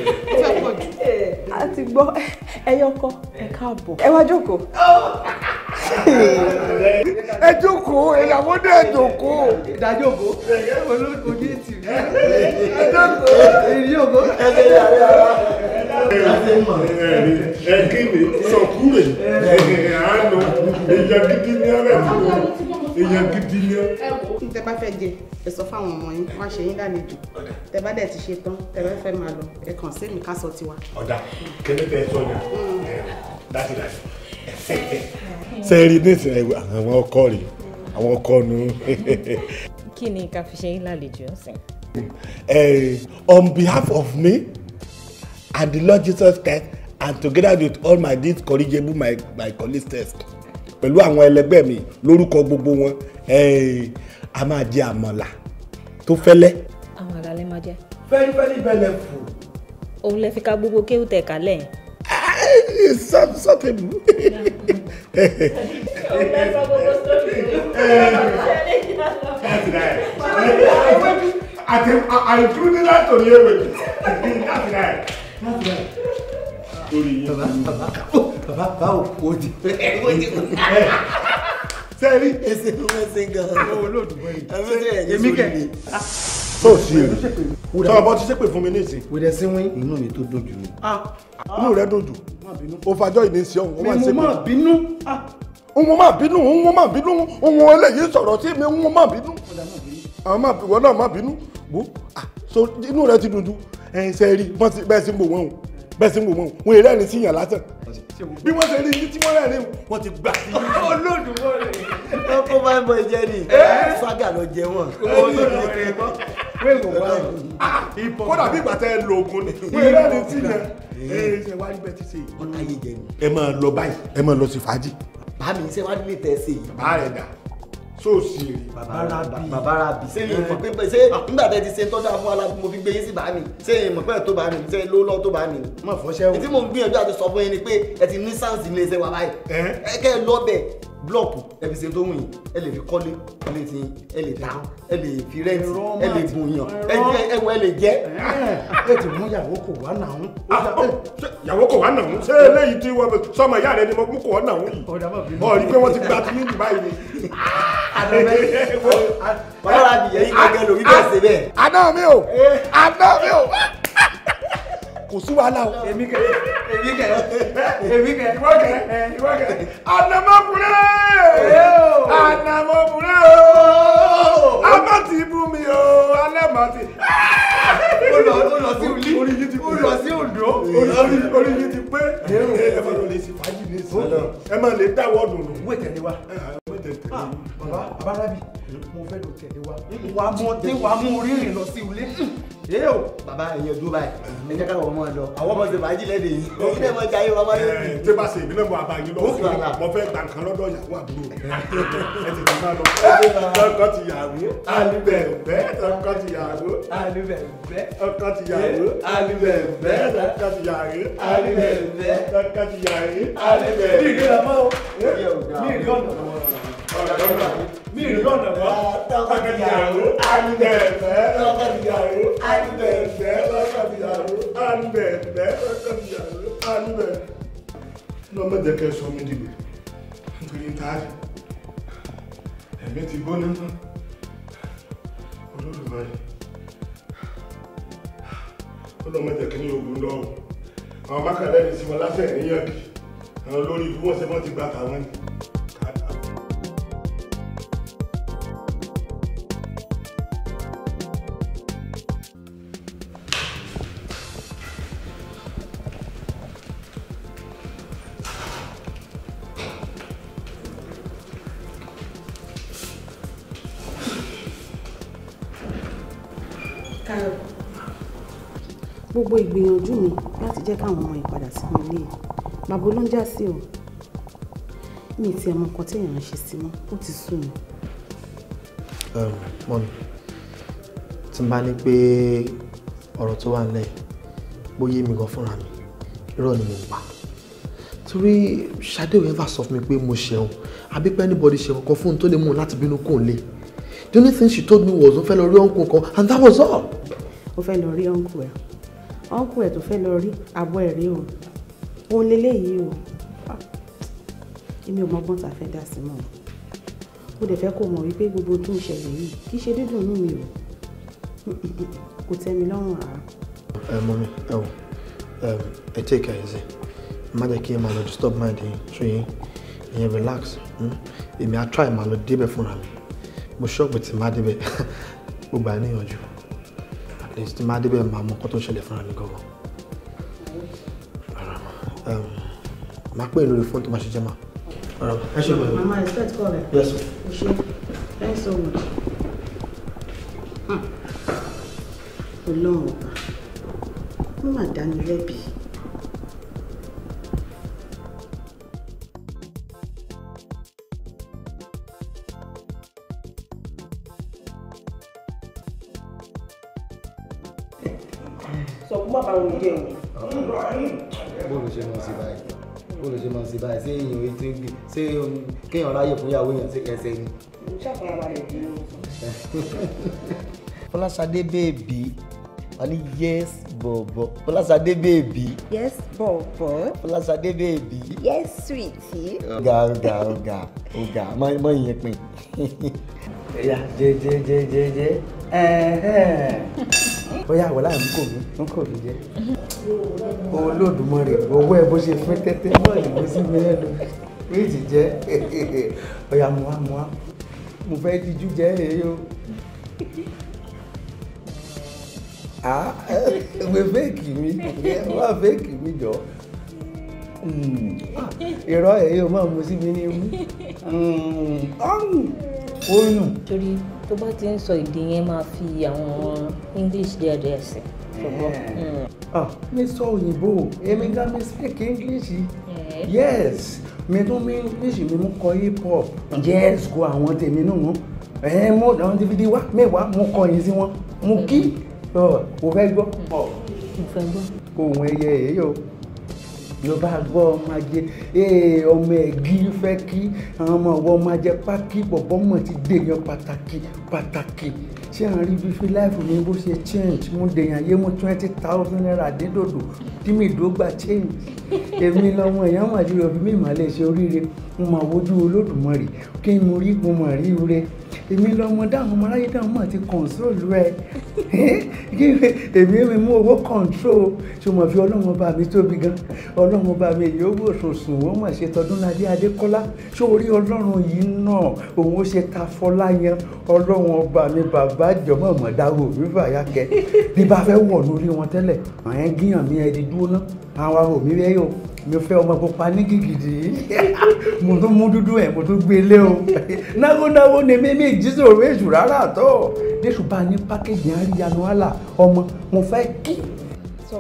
pọ̀ jù. a ti gbọ́ ẹyọ ọkọ ẹ káàbọ̀ ẹ wá jókòó. ẹ jókòó ìyàwó dẹ̀ jókòó. ìdájọ́bò olóko ní ètì rẹ̀ ẹ jókòó èyí ògbó. ẹ ṣe yàrá yàrá ẹ kí ni sọkúrè ẹ àánú ìyá gidi ní ọ̀rẹ́ fún mi èèyàn gidi ni ẹ. tẹ bá fẹ́ jẹ ẹ fáwọn ọmọ yín wá ṣe yín lálejò tẹ bá dẹ̀ ti ṣe tán tẹ bá fẹ́ máa lọ ẹ kàn sí mi ká sọ tiwa. ọ̀dà kẹ́lẹ́ tẹ sọ yà dájú dájú. sẹ́ẹ̀rì nísìnyí àwọn ọkọ rèé àwọn ọkọ nu. kí ni ká fi ṣe yín lálejò ọ̀sìn. on behalf of me and the Lord Jesus Christ and together with all my deeds corrigible my my colleagues test pẹ̀lú àwọn ẹlẹgbẹ́ mi lórúkọ gbogbo wọn a máa jẹ àmàlà tó fẹ́lẹ́. àmàlà lè máa jẹ. fẹ́lifẹ́li bẹ̀lẹ̀ fò. òun lè fi ka gbogbo kéwù tẹ̀ kálẹ̀. sọ́tẹ̀ bù. òun lè sọ gbogbo sórí ìlú. àti àìtúndínlá tòun yé wèjì lórí yín. bàbá bàbá bàbá báwo kò di. sẹ́rí ẹsẹ̀ ẹsẹ̀ gan-an. owó olóòdùbọ̀ yìí. èmi kẹ́ tó sí èrè tọ́wọ́ bọ́ ti ṣépè fún mi nísìn. wẹ́rẹ́ síwín inú mi tó dojú mi. Ah, inú rẹ dojú ah. o fàjọ ìdí sí ọ̀hún mi ah. mo máa bínú. òun máa bínú òun máa bínú òun eléyìí sọ̀rọ̀ sí mi òun máa bínú. àwọn máa bínú wọn máa bínú bó so inú rẹ ti dojú ẹ̀yin sẹ́ẹ̀rì bẹ́ẹ̀ sì ń bò o bẹ́ẹ̀ sì ń wò mọ́ wọn èrè ẹ̀rín síyàn lásán bí wọ́n ṣe rí ní tí wọ́n rẹ́rìn wọ́n ti gbà sí. olódùmọ̀rẹ́ wọn kó máa ń bọ ìjẹ́ ni ṣága lọ jẹ wọn. olódùmọ̀rẹ́ wọn kódà bí ìgbà tẹ ẹ lo oògùn ni wọn èrè ẹ̀rín síyàn ṣe wá níbẹ̀ ti ṣe. ọ̀tá yìí jẹ ni. ẹ máa lọ báyìí ẹ máa lọ sí fàájì. bá mi ṣe wá nílé tẹ̀ yìí. bá rẹ̀ dà sóòsì rè bàbá rabi ṣé yìí mọ̀ eh. pé ṣé nígbà tẹ́ ti ṣe tọ́jú àfún alábi mo fi gbé yín sí bá mi ṣé yìí mọ̀ pé ẹ̀ tó bá mi ṣé ló lọ́ tó bá mi. mọ̀ fọ́ṣẹ́ o ètí mo ń gbìyànjú àti sọ fún yín ni pé ẹ ti ní sáǹsì ilé iṣẹ́ wa báyìí eh? ẹ kẹ́ ẹ lọ́bẹ̀ blọọkù ẹbí ṣe tó wùnyìn ẹ lè fi kọ́lé ẹ lè ti ẹ lè ta ẹ lè fi rẹ́ǹtì ẹ lè bòyàn ẹ jẹ ẹ ẹ lè jẹ. ẹ ti mú yàwó kò wá nà ah, oh, yàwó kò wá nà ṣé eléyìí ti wọ sọmọ ìyá rẹ ni mo kò wá nà yìí ọ rí i pé wọ́n ti gba tí níbi báyìí ni. àdàmẹ́ wàhálà nìyẹn yìí gẹ́gẹ́ lórí bẹ́ẹ̀ ṣe bẹ́ẹ̀. àdàmẹ́ o eh. àdàmẹ́ o kò sí wàhálà o. èmi kẹ èmi kẹ èmi kẹ ìwọ kẹ ìwọ kẹ ànàmọ́kùnrin ànàmọ́kùnrin o a má alẹ́ má ó lọ sí ulí ó lọ sí Oǹdó orí yìí ti pé ẹ máa lè ṣe fàájì ní ìsìn ẹ máa lè dáwọ́ dùn ún. wé tẹ̀lé wa ah, bàbá abárábì mo fẹ́ lọ tẹ̀lé wa hmm. wà á mú ọtí wà á mú rírìn lọ sí ulé. ee hmm. o bàbá ẹ̀yẹ dúró báyìí ẹ jẹ́ káwọn ọmọ lọ àwọn ọmọ ṣe fàájì lẹ́dẹ̀ẹ́ yìí òkú dẹ̀ mọ jayé wa wáyé. tí bá ṣe ìbílẹ̀ mọ àbáyé lọ mo fẹ́ gbà nǹkan lọ́dọ̀ ìyàwó àbúrò ẹ ti máa lọ tọkọ ti yàwó àlùbẹ̀ bẹ́ẹ̀ tọkọ ti yàwó àlùbẹ̀ bẹ́ẹ̀ katjare, alibembe, katjare, alibembe, katjare, alibembe. Mi rí ọmọ o, mi rí ọ̀nà mọ́. Mi rí ọ̀nà mọ́. Katjare, alibembe, katjare, alibembe, katjare, alibembe, katjare, alibembe. Lọ́mọ jẹ́ kẹ́ sọ mi dìbò, nítorí ń taari. Ẹ̀mí ti gbóná náà, olódùmarè ó lọ́ mẹ́jẹ̀ kí ní ogun lọ́rùn àwọn mákàlẹ́ni sí wọn lásẹ̀ níyànjú àwọn olórí ibú wọn ṣe wọ́n ti gbà tàwọn ni. gbogbo ìgbìyànjú mi láti jẹ́ káwọn ọmọ yìí padà sínú ilé bàbá ló ń já sí o mi ti ẹ̀mọ nǹkan téèyàn ń ṣe sí mọ́ ó ti sú mi. mọ́mi tí n bá ní pé ọ̀rọ̀ tó wà nílẹ̀ bóyá mi gan fúnra mi irọ́ ni mo ń pa torí Ṣadé ò ever sọ fún mi pé mo ṣẹun àbí pé anybody ṣe kankan fún un tó lè mú un láti bínú kò ń lè the only thing she told me was ó fẹ́ lọ rí ọ̀nkù kan and that was all. ó fẹ́ lọ rí ọ̀nkù ẹ̀ ọ̀nkù ẹ̀ tó fẹ́ lọ rí àbọ̀ ẹ̀ rí o òun leléyìí o èmi ò mọ bọ́ǹtà fẹ́ dá sí mọ́ o mo dẹ̀ fẹ́ kó mọ̀ wípé gbogbo tó ń ṣẹlẹ̀ yìí kì í ṣe dídùn inú mi o kò tẹ́ mi lọ́rùn rárá. ẹ mọ mi ẹ wò ẹ tí ìka ẹ sí má jẹ́ kí ẹ máa lọ disturb mind yín ṣó yín ìyẹn relax hmm? èmi á try máa lọ débẹ̀ fúnra mi mo ṣọ́ọ̀bù tí má débẹ̀ gbogbo àníyànjú least máa débẹ̀ máa mọ nǹkan tó ń ṣẹlẹ̀ fúnra mi gan-an. máa pè é lórí fóònù tó máa ṣe jẹ́ máa. ẹ ṣe bẹ̀rẹ̀. mama expect call rẹ. yes. o ṣe thanks so much. Hmm. ọlọ́run ọba wọ́n máa dá mi lẹ́bi. báyìí ṣé èèyàn ètò ìgbìn ṣé kéèyàn ráyè fún ìyàwó èèyàn ṣe kẹsẹ̀ ni. Fọláṣadé bèbí wọ́n ní yes bọ̀bọ̀ Fọláṣadé bèbí. yes bọ̀bọ̀. Fọláṣadé bèbí. yes sweetie. ọ̀gá ọ̀gá ọ̀gá ọ̀gá mọ ìyẹn pin. ẹ̀yà jẹjẹjẹjẹjẹ bóyá àwọn láì mú kò mí mú kò mí jẹ Olódùmarè owó ẹ bó ṣe fún tẹ́tẹ́ náà ìwé sí mi lẹ́nu méjì jẹ bóyá mo wá mo mo fẹ́ díjú jẹ èyí o ah ẹ fẹ́ kì mí wá fẹ́ kì mí jọ. Hmm. irọ́ ẹ̀ yóò máa mu sí mi ní imú oyún. Hmm. torí tó bá ti ń sọ èdè yẹn máa fi àwọn english díẹ̀díẹ̀ sí ṣùgbọ́n. mi sọ òyìnbó èmi gan mi speak english eh. yes mi tún mi english mi mú kọ hip hop yes go àwọn tèmi nù nù ẹ mú àwọn dvd wá mẹ́wàá mo kọ yín sí wọn mo kí hmm. oh, o fẹ́ gbọ́. mo fẹ́ gbọ́. ohun ẹyẹ èyí o ló bá gbọ́ ọmọ ajé ee ọmọ ẹ̀gí fẹ́ kí àwọn ọmọ ọwọ́ ọmọ ajé pákí bọ̀bọ́ mọ̀ ti dèèyàn pàtàkì pàtàkì tí à ń rí fífi láìfù mi bó ṣe change mo dèèyàn yé mo twenty thousand naira dídòdò tí mi ìdó gba change èmi lọmọ èèyàn mà ju ọbí mi mà lè ṣe oríire mo mà wojú olódùmarè kí n mo rí mo mà rí ire èmi lọmọ dáhùn ọmọ aráyé dáhùn mà ti control rẹ èmi mi mú owó control ṣe mo fi ọlọ́mọ bá mi tóbi gan ọlọ́mọ bá mi èyí ó wò sùnsùn wọ́n mà ṣe tọdúnladé adékọ́lá ṣé orí ọlọ́run yìí náà òun ó ṣe ta fọlá yẹn ọlọ́run ọba mi bàbá bá jọmọ́ mọ̀ dárò mi fàyà kẹ́ bí bá fẹ́ wọ̀ lórí wọn tẹ́lẹ̀ àwọn yẹn gíyàn mi ẹni dúró náà àwọn arò mi yọ mi fẹ́ ọmọ pupa ní gìgìdì mo tún mú dúdú ẹ̀ mo tún gbé e lé o nágónágó ni mímí ìjísọ̀ òwe èṣù rárá tọ́ déṣù bá ní pákéjì àríyanu àlà ọmọ mo fẹ́ kí. sọ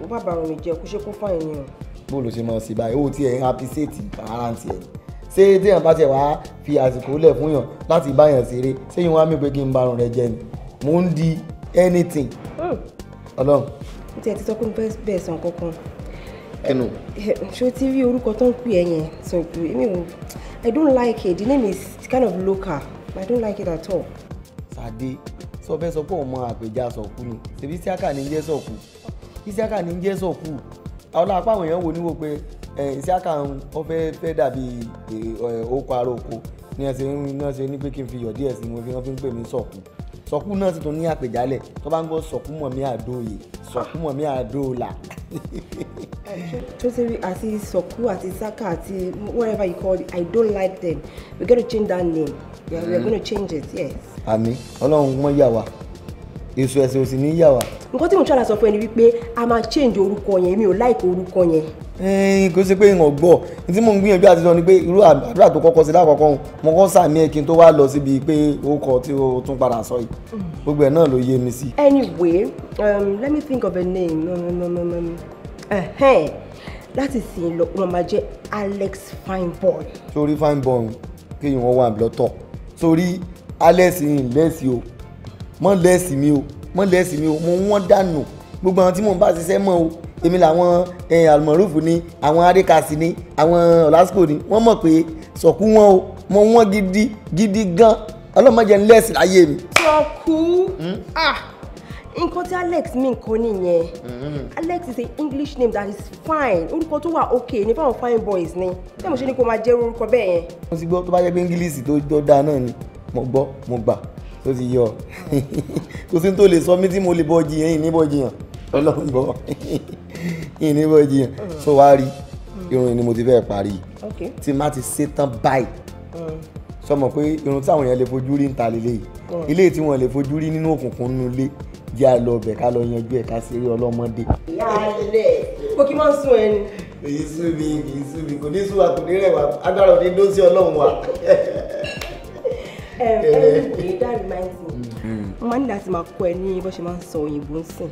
mo bá bàrùn mi jẹ kó ṣe kó fáyín ni o. bó ló ṣe mọ̀ sí báyìí ó tiẹ̀ ń apiséètì ara tiẹ̀ ṣé téèyàn bá tiẹ̀ wá fi àsìkò lẹ̀ fún yàn láti bá yàn ṣeré ṣéyìn wá mi pé kí n barun rẹ jẹ ni mò ń di anything oh. ọlọ́run. mo ti ẹ̀ ti sọ pé mo fẹ́ bẹ̀ẹ̀ sàn kankan. ẹnu. ṣé o ti rí orúkọ tó ń pè ẹ yẹn sàn ju èmi ò I don't like it the name is kind of local I don't like it at all. Sade sọ fẹ́ sọ pé ọmọ àpèjà sọ̀kú ni ṣèbí Isiaka ní jẹ́ sọ̀kú Isiaka ní jẹ́ sọ̀kú àwọn apá àwọn èèyàn wo ni wo pé ìsíákà eh, ó fẹ́ fẹ́ dàbí eh, oko ara oko ní ẹsẹ̀ náà ṣe ní pé kí n fi yọ̀ díẹ̀ sí i mo fi wọ́n fi ń pè mí sọ̀kún sọ̀kún náà sì tún ní àpèjálẹ̀ tó bá ń gbọ́ sọ̀kún mọ̀ mí àdóòyè sọ̀kún mọ̀ mí àdóòlà. Eh, tó àti sọ̀kún àti saka àti whatever you call it i don't like them we gonna change that name yeah, we are mm. gonna change it yes. àmín ọlọ́run mọ̀ yà wá èso ẹ̀sìn ò sì ní yà wá nǹkan tí mo ṣàlàsọ fún ẹni wípé a máa change orúkọ yẹn mi ò like orúkọ yẹn. kò sí pé ìwọ̀n gbọ́ tí mò ń gbìyànjú àti ni pé irú àdúrà tó kọ́kọ́ sí lákọ̀ọ́kọ́ òun mo kọ́ sàmì ẹ̀kí tó wá lọ síbi pé orúkọ tí o tún padà sọ yìí gbogbo ẹ̀ náà ló yé mi sí. anyway um, let me think of a name um, um, um, uh -huh. láti sìn lọ wọn máa jẹ Alex Fineboy. sórí Fineboy kéèyàn wọn wà lọ́tọ̀ sórí Alex yìí lẹ́sì o mọ́ lẹ́sì mi o mọ́lẹ́sì mi o mo wọ́n dànù gbogbo àwọn tí mò ń bá ṣiṣẹ́ mọ́ o èmi làwọn àlùmọ̀rúfù eh, ni àwọn adékasì ni àwọn ọ̀làsíkò ni wọ́n mọ̀ pé sọ̀kú wọn o mo wọ́n gidi gidi gan ọlọ́mọdé ń lẹ́sìn láyé mi. sọ̀kú hmm? ah nǹkan tí alex mean kò nìyẹn hmm. alex is a english name that is fine orúkọ tó wà okay ní fáwọn fine boys ni bẹ́ẹ̀ mo ṣe ni kó máa jẹ́ orúkọ bẹ́ẹ̀ yẹn. mo ti gbọ́ tó bá jẹ́ pé english tó dáa náà ni mo gbọ́ mo gbà tó ti yọ kò sí tó lè sọ mí tí mo lè bọ́ jiyàn yìí níbọ̀ jiyàn ọlọ́run bọ́ yìí níbọ̀ jiyàn so wá rí irun ni mo ti fẹ́ parí tí má ti ṣe tán báyìí sọmọ mm. pé irun táwọn èèyàn lè fojú rí níta lélẹ̀ yìí mm. ilé tí wọ́n lè fojú rí nínú òkùnkùn nínú ilé jẹ́ àlọ́ ọbẹ̀ ká lọ yanjú ẹ̀ ká ṣeré ọlọ́mọdé. ìyá rẹ̀ mo kí máa ń sún ẹni. èyí sú mi kì í sú mi kò ní sú wa kò ní rẹwà agbára ò ní dó sí ọlọ́run wa. anyway eh. eh, eh, that reminds me mm. mo máa ń dá sí máa kọ ẹ ní bó ṣe máa ń sọ òyìnbó ń sìn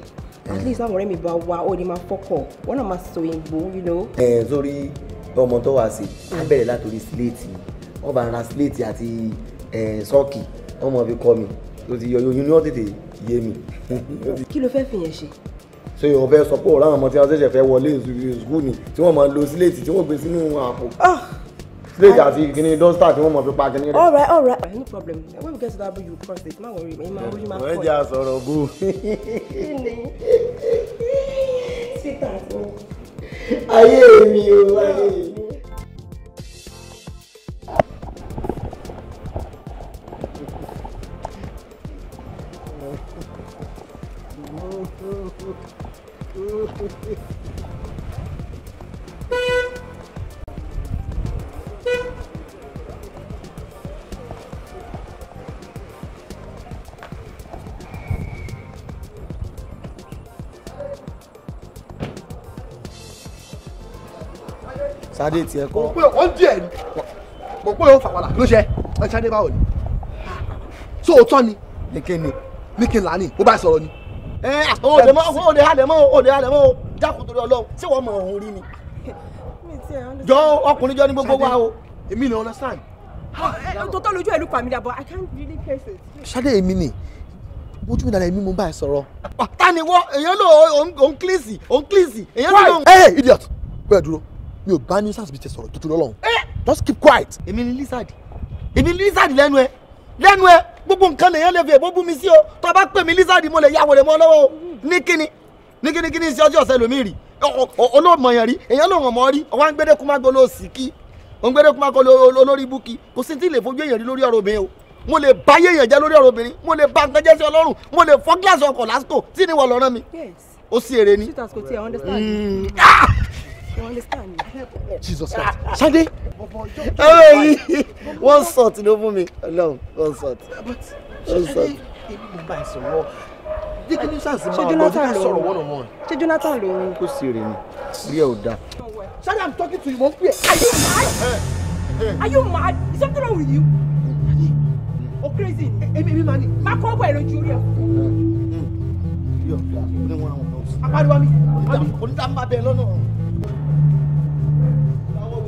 at least àwọn ọ̀rẹ́ mi bá wa ó ní máa fọ́kọ̀ wọ́n náà máa sọ òyìnbó you know. ẹ sórí ọmọ tó wá sí á mm. bẹ̀rẹ̀ látòrí síléètì wọ́n bá ra síléètì àti sọ́ọ̀kì wọ́n mọ̀ fi kọ́ mi tó ti yọ oyún ní wọ́n tètè yé mi. kí ló fẹ́ fi yẹn ṣe ṣe yóò fẹ́ sọ pé ọ̀rọ̀ àwọn ọmọ tí wọ́n ṣẹ̀ṣẹ̀ fẹ́ wọlé ìṣúkú ni tí wọ́n máa lo síléètì tí wọ́n gbé sínú àpò. Ah! slate àti kini duster tí wọ́n mọ̀ fi pa kini all right all right no problem when we get to that bridge you cross it má worry ẹ máa wọ́n máa pọ̀ ẹ jẹ́ àsọ̀rọ̀ bù. ayé mi o ayé mi. Thank Ṣadé tiẹ̀ kọ́. mo pé o ń díẹ̀ ni mo pé o ń fàwọ́là ló ṣe ẹ Ṣadé báwo ni so òótọ́ ni. ní kí ni. ní kí n lànà bó bá sọ̀rọ̀ ni. ẹ àwọn òde mọ òde halẹ̀ mọ òde halẹ̀ mọ jákòó torí Ọlọ́run ṣé wọ́n mọ òun rí ni. jọ ọkùnrin jọ ní gbogbo wa o èmi ni understand. Ah, tòótọ́ lójú ẹ̀ ló pa mi dà but I can't really place it. Ṣadé èmi ni ojú mi dàda èmi mo bá ẹ sọ̀rọ̀. ta ni wọ èèyàn lò ó ń kílìsì ó ń kílìsì èèyàn lò ó. ẹ ẹ idiot bẹ́ẹ̀ dúró mi ò bá ní sars bí tẹ sọ̀rọ̀ tuntun lọ́lọ́run just keep quiet. èmi ni lizard èmi ni lizard lẹ́nu ẹ lẹ́nu ẹ gbogbo nǹkan lèyàn lè fi èbó bú mi sí o tó o bá pè mí lizard mo lè yàwó rẹ̀ mọ́ lọ́wọ́ ní kíni ní kíni kíni sí ọjọ́ ọ̀sẹ̀ lómi rì olóòmọ̀yàn rí èyàn ló hàn rí ọwọ́ àgbẹ̀dẹ́kùmágbọ́ ló sì kí ògbẹ́dẹ́kùmágbọ́ lórí búkì kò sí tí lè fojú èyàn rí lórí ọ̀rọ̀ mi o mo lè bá yéèyàn jẹ lórí ọ̀rọ̀ obìnrin mo lè bá nǹkan jẹ́ sí ọlọ́run mo lè fọ́ gíláàsì ọkọ̀ lásìkò tí ni wọ́n lọ rán mi ó sì èrè ni. You understand me? Jesus Christ. Ṣadé. Ah, ah. Ọ̀rọ̀ yìí wọ́n sọ̀ tí ló fún mi. Ọlọ́run wọ́n sọ̀ tí. Ṣé Ṣadé èmi mo bá ẹ sọ̀rọ̀? Jẹ́ kí Nusa sì máa lọ, jẹ́ kí sọ̀rọ̀ one on one. Ṣé Jonathan ló ń kó sí rè ni? Rí ẹ̀ ò dáa. Ṣadé I'm talking to you, mo ń pè ẹ́. Are you mad? Are you mad? Is something wrong with you? O oh, crazy ni. Èmi èmi máa ní. Má kọ́ ọ̀pọ̀ ẹ̀rọ ju orí ẹ̀. Rí ọ̀ dáa, ó ní wọn àwọn ọ̀sán. Apariwo mi. Onídàá ń bá bẹ́ẹ̀ lọ́nà ọ̀run.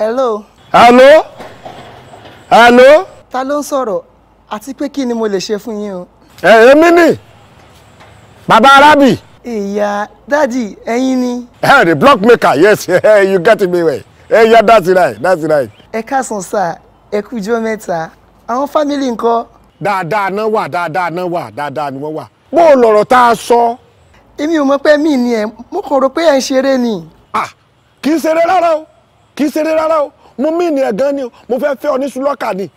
hello. hello. hello. ta ló ń sọ̀rọ̀ àti pé kí ni mo lè ṣe fún yín o. ẹ èmi ni bàbá arábì. ìyá dádì ẹ̀yin ni. ẹ the block maker yes you get me well ẹ yá that's right that's right. ẹ káàsán sá ẹ kújọ́ mẹ́ta àwọn fámìlì ńkọ́. dáadáa náà wà dáadáa náà wà dáadáa ni wọ́n wà bó o lọ̀rọ̀ tá a sọ. èmi ò mọ̀ pé mi ni ẹ mo kàn rò pé ẹ ń ṣeré ni. ah kì í ṣeré rárá o kì í ṣeré rárá o mo mí ìnìyàn gan ni o mo fẹ́ fẹ́ ọ ní sùlọ́kà ni.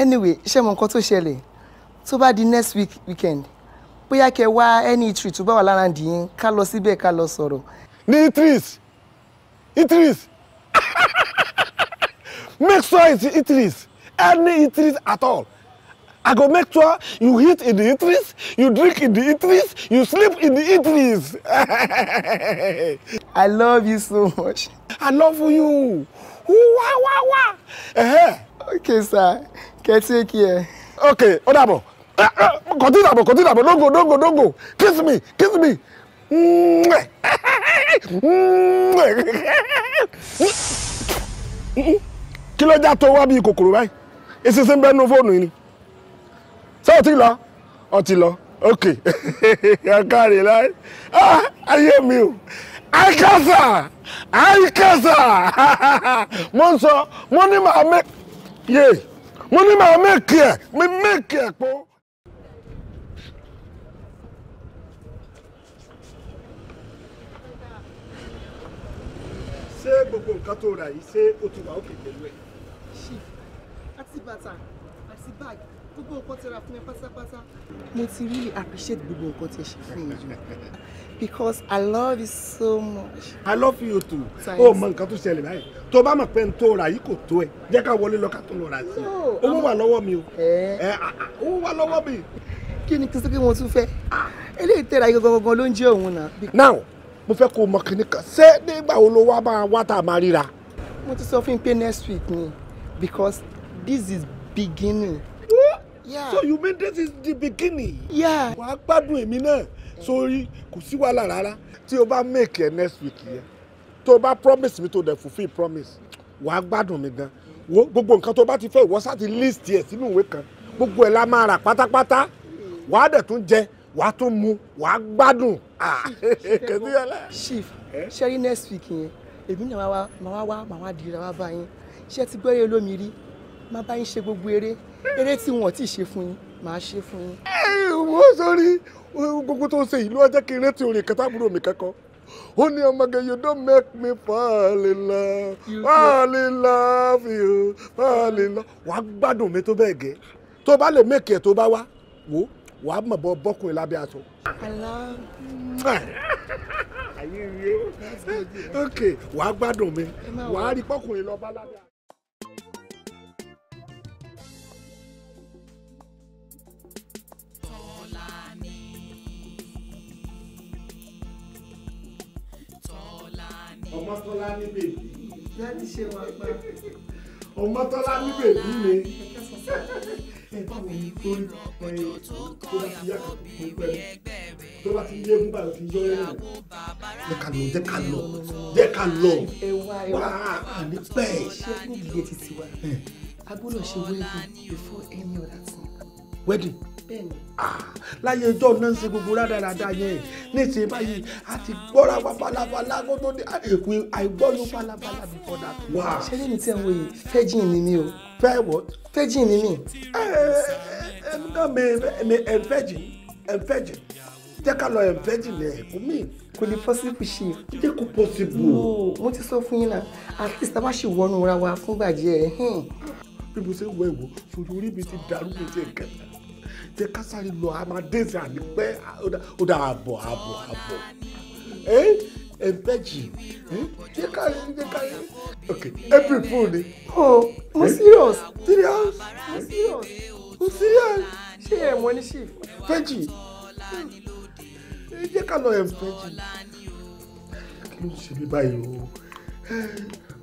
anyway ṣé mo nǹkan tó ṣẹlẹ̀ tó bá di next week weekend bóyá kẹ wá any tree tó bá wà lára dìyín ká lọ síbẹ̀ ká lọ sọ̀rọ̀. ní itris itris make sure it's itris any itris at all I go make sure you eat in the eateries, you drink in the eateries, you sleep in the eateries. I love you so much. I love you. Ooh, wah, wah, wah. Uh-huh. Okay, sir. Can take care. Okay, ó Continue, Abo, continue, Abo. Don't go, don't go, don't go. Kiss me, kiss me. Kí ló já tó wá bí kòkòrò báyìí? Èsì ni ṣé o ti lọ ọ ti lọ ok ọkàrí láì ah, ayé mi o àìkàsà àìkàsà mo ń sọ mo ní màá mẹ yé mo ní màá mẹkì ẹ mi mẹkì ẹ pọ. ṣé gbogbo nǹkan tó rà yìí ṣé o ti wà òkè pẹ̀lú ẹ̀. ṣì àti bàtà gbogbo nǹkan tí ra fún mi pátápátá. mo ti really appreciate gbogbo nǹkan tí ṣe fún mi because i love you so much. i love you too. o mọ nǹkan tó ṣẹlẹ̀ báyìí tó bá mọ̀ pé n tó ra yìí kò tó ẹ jẹ́ ká wọlé lọ ká tó lọ ra sí i owó wà lọ́wọ́ mi o eh? Eh, ah, ah, owó wà lọ́wọ́ mi. kí ni kí n sọ pé mo tún fẹ́ eléyìí tẹ̀ra yìí gangan ló ń jẹ́ òun náà. now mo fẹ́ kó mọ kìnìún kan ṣé nígbà wo ló wá máa wá tá a máa ríra. mo ti sọ fún yín pé next week ni because this is beginning so you mean this is the beginning. Yeah. wàá gbádùn èmi náà sórí kò sí wàhálà rárá tí o bá make ẹ next week yẹn tó o bá promise mi tó dẹ̀ fulfil promise wàá gbádùn mi gan wo gbogbo nǹkan tó o bá ti fẹ́ ìwọ sáti list yẹ sínú ìwé kan gbogbo ẹ̀ la máa rà pátápátá wàá dẹ̀ tún jẹ wàá tún mu wàá gbádùn. Ah, chief eh? ṣe next week yẹn èmi náà máa wá máa wá máa wá dìrì ra wá bá ṣé ti gbẹ́rẹ́ lómi rí máa bá yín ṣe gbogbo eré eré tí wọn ò tí ì ṣe fún yín màá ṣe fún yín. wọ́n sọrí gbogbo tó ń ṣe yìí ló wá jẹ́ kí n rántí orin kẹta àbúrò mi kankan ó ní ọmọge you don make me fall in love fall in love you fall in love wàá gbádùn mi tó bẹ́ẹ̀ gẹ́ tó bá lè mẹ́kì ẹ̀ tó bá wá wò wà á mọ̀ bọ́ bọ́kùnrin lábẹ́ aṣọ. ok wà á gbádùn mi wà á rí pọ́kùnrin lọ lábẹ́ aṣọ. ọmọtọ́lá ní bèbí. láti ṣe wà pa. ọmọtọ́lá ní bèbí ni. ẹ bá mi tó ń pọn ẹ tó bá ti yá kan tó pẹ́ tó bá ti yé fún bàbá ti yọ ẹ́ rẹ̀. jẹ́ ká lọ jẹ́ ká lọ jẹ́ ká lọ wá àní pẹ́. ṣé gbòógì yẹn ti ti wá a gbọ́dọ̀ ṣe wẹ́ẹ̀bù before any other time wedding. bẹ́ẹ̀ni. Ah, láyé ẹjọ́ náà ń ṣe gbogbo rádaràda yẹn níṣẹ́ báyìí a ti gbọ́ra wa balabala kó tó dé àìgbọ́lu balabala before that. wá ṣé ní tí ẹ yìí fẹ́jìn ni mí o. fẹ́ wọ. fẹ́jìn ni mí. ẹ ẹ náà mi mi ẹ fẹ́jìn ẹ fẹ́jìn jẹ́ ká lọ ẹ fẹ́jìn ẹ fún mi. kò lè possible ṣe. jẹ́ kó possible. mo ti sọ fún yín náà at least a bá ṣì wọnú ra wa fúngbà díẹ̀ bí mo ṣe wọ ìwò jẹ́ ká lọ a máa dé ó dà àbọ̀ àbọ̀ àbọ̀ ẹ ẹ bẹ́ jì ẹ jẹ́ ká ok april fool ni. mo serious serious mo serious mo serious ṣé ẹ mọ ní ṣì. fẹ́jì ẹ jẹ́ ká lọ ẹ̀ fẹ́jì kí ló ń ṣe mí báyìí o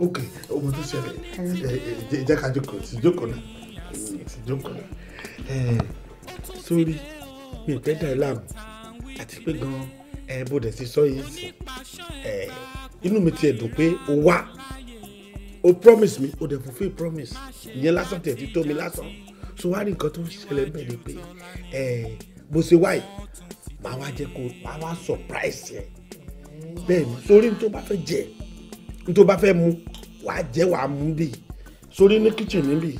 ok ọmọ tó ṣẹlẹ̀ ẹ jẹ́ ká jókòó sí jókòó náà sí jókòó náà sórí mi ò fẹ́ dà ẹ́ láàmú àti pé gan-an ẹ bó dẹ̀ ti sọ yìí sí ẹ inú mi tiẹ̀ dùn pé o wá o promise mi o dẹ̀ fulfil promise ìyẹn lásán tiẹ̀ ti tó mi lásán so wá rí nǹkan tó ń ṣẹlẹ̀ ń bẹ̀ ni pé ẹ bó ṣe wáyé màá wá jẹ́ kó màá wá surprise yẹ bẹ́ẹ̀ ni sórí ní tó bá fẹ́ jẹ ní tó bá fẹ́ mu wàá jẹ́ wàá mu bì sórí ní kitchen níbì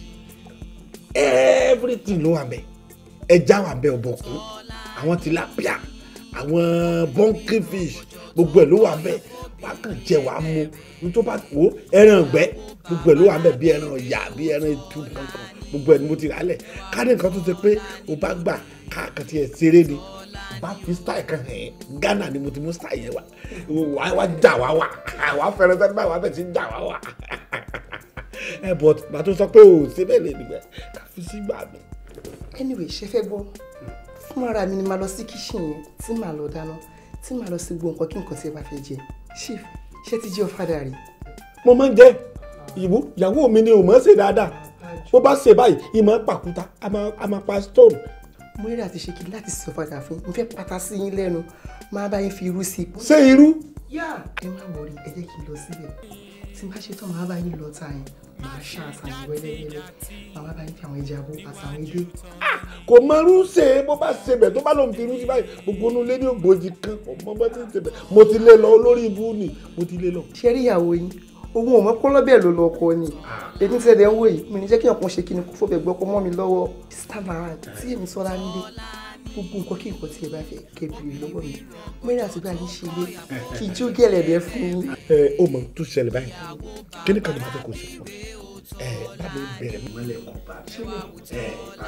everything ló wà bẹ́ẹ̀ ẹja àwọn abẹ́ ọ̀bọ̀kún àwọn tilapia àwọn bọ́ńkì fish gbogbo ẹ̀ ló wà bẹ́ẹ̀ wà á kàn jẹ wà á mu ní tó bá wò ó ẹran ọ̀gbẹ́ gbogbo ẹ̀ ló wà bẹ́ẹ̀ bí ẹran ọ̀yà bí ẹran ètú kankan gbogbo ẹ̀ ni mo ti rà á lẹ̀ kárí nǹkan tó ṣe pé o bá gbà káàkiri ẹ̀ ṣeré ni bá fi style kan hàn yẹn Ghana ni mo ti mú style yẹn wá wà wá dà wá wá wà fẹ́rẹ́ sẹ́ni báyìí wà bẹ̀ sí dà wá wá ẹ̀ bọ̀ bàtú sọ pé o ò ṣe bẹ́ẹ̀ lè nìyẹn káfíńsì gbà mí anyway ṣe fẹ́ gbọ́ fún ara mi ni màá lọ sí kíṣìn yẹn tí màá lọ dáná tí màá lọ sí gbogbo nǹkan kí nǹkan tí ẹ bá fẹ́ jẹ chief ṣé ti jẹ ọ̀fadà rí. mo máa ń jẹ ìwú ìyàwó mi ni ò mọ̀ ṣe dáadáa bó bá ṣe báyìí ìmọ̀ pàkúta a máa pa stone. mo rí àti ṣe kí láti sọ padà fún mi fẹ́ pata sí yín lẹ́nu máa bá yín fi irú sí i. ṣé irú. yá ẹ má wọrí ẹ jẹ́ kí n lọ síbẹ̀ tí n bá ṣe tán màá bá yín lọ ta yẹn màá ṣá àtàwọn wẹ́lẹ́wẹ́lẹ́ màá bá yín fi àwọn ẹja abo àtàwọn edé. Ah! kò mọ irú ṣe bó bá ṣe bẹ̀ tó bá lòun fi irú sí báyìí gbogbo inú lé ní ògbójì kan ọmọ bá ti ń ṣe bẹ̀ mo ti lé lọ olórí ibú ni mo ti lé lọ. ṣe rí ìyàwó yín owó ọmọ kọlọ bẹ́ẹ̀ ló lọ ọkọ ni èmi ti ń wò yìí mi ní jẹ́ kí ọkùnrin ṣe kí ni kó fọbẹ gbọkọ mọ mi lọ́wọ́ stand around tí èmi sọra nílé gbogbo nǹkan kí nǹkan tí ẹ bá fẹ́ kẹ́ bèrè lọ́wọ́ mi mẹ́rin àti bá yín ṣe lé kí ijó gẹ̀lẹ̀dẹ̀ fún ẹ ó mọ̀ tó ṣẹlẹ̀ báyìí kí ni kàdé máa fẹ́ kó fún ẹ bá mi bẹ̀rẹ̀ mọ́lẹ̀ kọ́ bá ẹ bá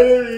Bye.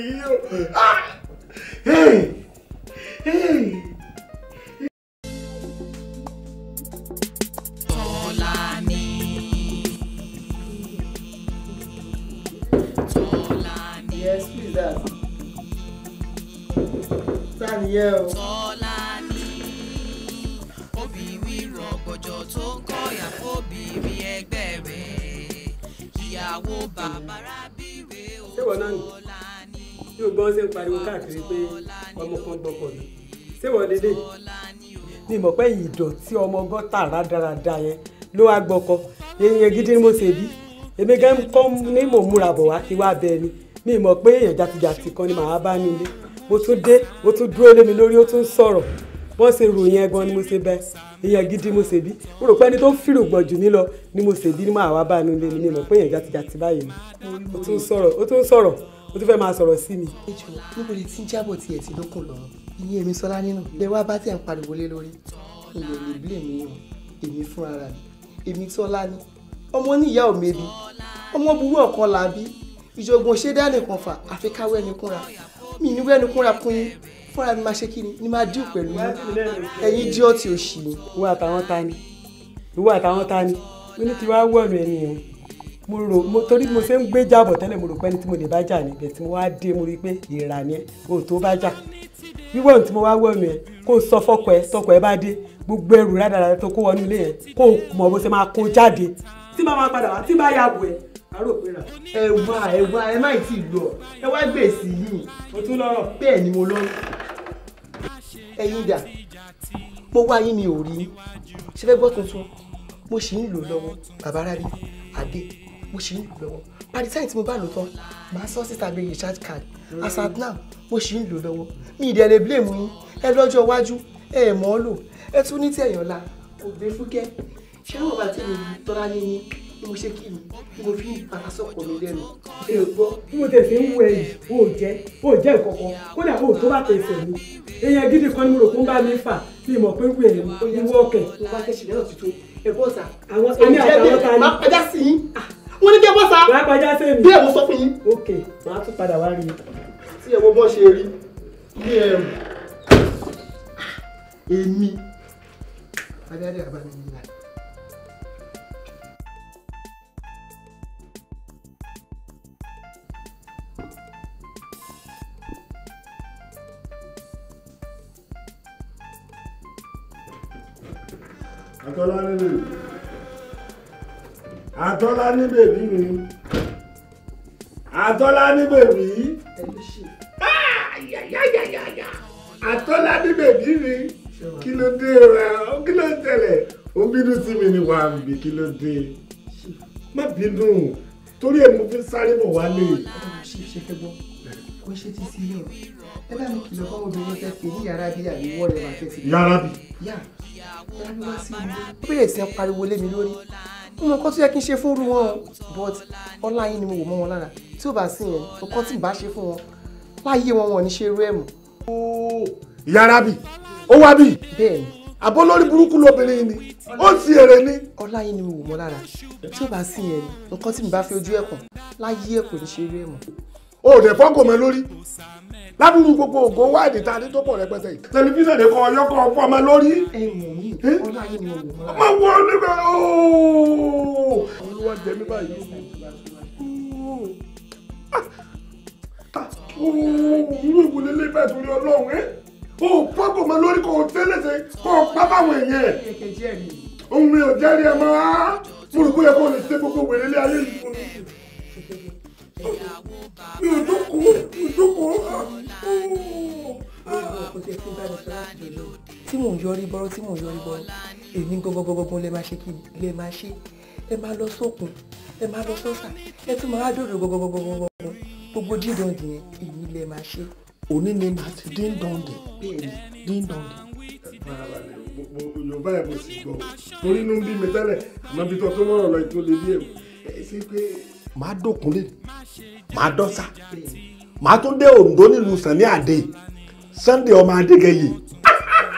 ìdọ̀tí ọmọ gọ́tà rádaràda yẹn ló wá gbọ́kọ èèyàn gidi ni mo ṣe bí èmi gan kọ́ ní mò ń múra bọ̀ wá kí wá bẹ ẹni mi mọ̀ pé èèyàn jatijàti kan ni màá bá nílé mo tún dé mo tún dúró lé mi lórí ó tún sọ̀rọ̀ wọ́n ṣe ròyìn ẹ̀gbọ́n ni mo ṣe bẹ èèyàn gidi mo ṣe bí mo rò pé ẹni tó fìrò gbọ̀n jù mí lọ ni mo ṣe bí ni màá wá bá nílé mi mọ̀ pé èèyàn jatijàti báyìí ni ó tún sọ̀rọ̀ ó tún fẹ́ máa sọ̀rọ̀ sí mi. níbo lè ti jábọ̀ tiẹ̀ ti lókun lọ́rùn ìyẹn èmi sọlá èèyàn lè blame mi o èmi fúnra rà mí èmi tọ́lá ni ọmọ níyà ò mẹ́bi ọmọ burú ọ̀kan làbí ìjọgbọ̀n ṣé dá nìkan fà àfi káwé ẹni mi ní wẹ́ni kún yín fúnra mi máa ṣe kí ni ni máa dín pẹ̀lú ẹ̀yin jí ọtí òṣì ni. ìwọ àtàwọn ta ni ìwọ àtàwọn ta ni mo ní kí wàá wọ̀rọ̀ ẹni o mo rò mo torí mo ṣe ń gbé jàbọ̀ tẹ́lẹ̀ mo rò pé tí mo lè bá jà ní bẹ̀ tí mo wá dé mo rí i pé ìrà ni o tó bá jà wíwọ̀n tí mo wá wọ̀ mí ẹ kó sọ fọ́kọ ẹ tọkọ ẹ bá dé gbogbo ẹrù rádaràda tó kó wọnú ilé yẹn kó mọ̀ bó ṣe máa kó jáde tí màá padà wá tí bá yà wọ̀ ẹ́ àárò pé rà ẹ wá ẹ wá ẹ má tí lọ ẹ wá gbèsè yìí mo tún lọ́rọ̀ bẹ́ẹ̀ ni mo lọ́rọ̀ ẹ̀yin dà mo wá yín mi ò rí ṣe fẹ́ tuntun mo sì ń lò lọ́wọ́ bàbá rárí adé mo ṣì ń lò lọ́wọ́ by the time tí mo bá lò tán màá sọ síta bí recharge card as at now mo ṣì ń lò lọ́wọ́ mi ì dẹ̀lẹ̀ blame yín ẹ lọ́jọ́ iwájú ẹ ẹ̀ mọ́ lò ẹ tún ní tẹ̀yàn ọ̀la kò gbé fúkẹ́ ṣé wọ́n bá tẹ̀lé tọ́lá yín ni mo ṣe kí ni mo fi ìpara sọ̀kọ̀ mi lẹ́nu. ẹ ò gbọ́ bí mo tẹ̀sí ń wẹ yìí o ò jẹ́ o ò jẹ́ ìkọ̀kọ̀ kódà o ò tó bá tẹ̀sẹ̀ mi èèyàn gidi kan ni mo rò pé ń bá mi fà bí mo pé ń wẹ̀ ìwọ ọkẹ̀. mo bá kẹ́sì lẹ́yìn tuntun ẹ̀gbọ́n sà. àwọn ẹni àtàwọn ta ni. má pẹ́jà sí i mo ní kí ẹ bọ́ sa. wàá pàjá sẹ́mi. bí ẹ mo sọ fún yín. ok màá tún padà wá rí i. tí ẹ wo bọ́ ṣe rí ilé ẹrù èmi adarí àbámi nílá. Agora, Lulu àtọ́lá ni bèbí mi àtọ́lá ni bèbí àtọ́lá ní bèbí mi kí ló dé rẹ kí ló tẹ̀lẹ̀ ó bínú sí mi ní wà mí kí ló dé má bínú torí ẹ̀ mo fi sáré bọ̀ wálé. kò ṣe ti sí yẹn ẹ bá mi kìlọ̀ fún obìnrin tẹ́ pé ní yàrá bí àbí wọ́ọ̀lẹ̀ máa fẹ́ sí. yàrá bí. yà ó bẹ̀rẹ̀ sí pariwo lé mi lórí mo mọ tó yẹ kí n ṣe fún irú wọn but ọlá yín ni mo wò mọ́ wọn lára tí ò bá sí yẹn nǹkan tí n bá ṣe fún wọn láyé wọn wọn ní ṣe irú ẹ̀ mọ́. ìyá arábì ó wá bì. bẹ́ẹ̀ni. àbọ̀ lórí burúkú lóbìnrin yìí ni ó ti èrè ni. ọlá yín ni mo wò mọ́ lára tí ò bá sí yẹn nǹkan tí n bá fi ojú ẹ̀ kàn láyé ẹ̀ kò ní ṣe irú ẹ̀ mọ́ o dẹ̀ fọ́kọ̀ mọ́ lórí lábúrú gbogbo ògo wáìdì tá a ní tó pọ̀ rẹpẹtẹ yìí. tẹlifíṣàn lè kọ ọyọkọ ọpọ ọmọ lórí. ẹ wò mí ọlá yìí ni mo wò. ọmọ wo nígbà ooo. olúwa jẹ mí báyìí. Ah! irú ìwúlé lè bá ìtúrí ọlọ́run ẹ́ o fọ́kọ̀ mọ́ lórí kò tẹ́lẹ̀ tẹ́ kò pápá àwọn èèyàn ẹ̀. ohun mi ò jẹ́rìí ẹ̀ mọ́ á. mo rò bóyá kò lè ṣe gbogbo wèrè lé ayé yìí fún mi mi ò jókòó mi ò jókòó ah, kò sí ẹtí bá mi sọ láti lò tí mò ń yọrí bọ́rọ́ tí mò ń yọrí bọ́rọ́ èmi gangan lè máa ṣe kí lè máa ṣe ẹ máa lọ sókun ẹ máa lọ sọ́sà ẹ tún máa dòdò gangan gbogbo dídọ̀dì yẹn èyí lè máa ṣe. òní ni màá ti díndọ̀dì bẹ́ẹ̀ni díndọ̀dì. yorùbá ẹ̀ mo sì gbọ́ torí inú ń bí mi tẹ́lẹ̀ àmọ́ bí tó tó mọ̀rọ̀ lọ ètò lè bí ẹ̀ ṣe pé màá dòkúnlé màá dọ́sà màá tún dé Oǹdó nílùú Sànní Àdé Sunday ọmọ Adégẹyè.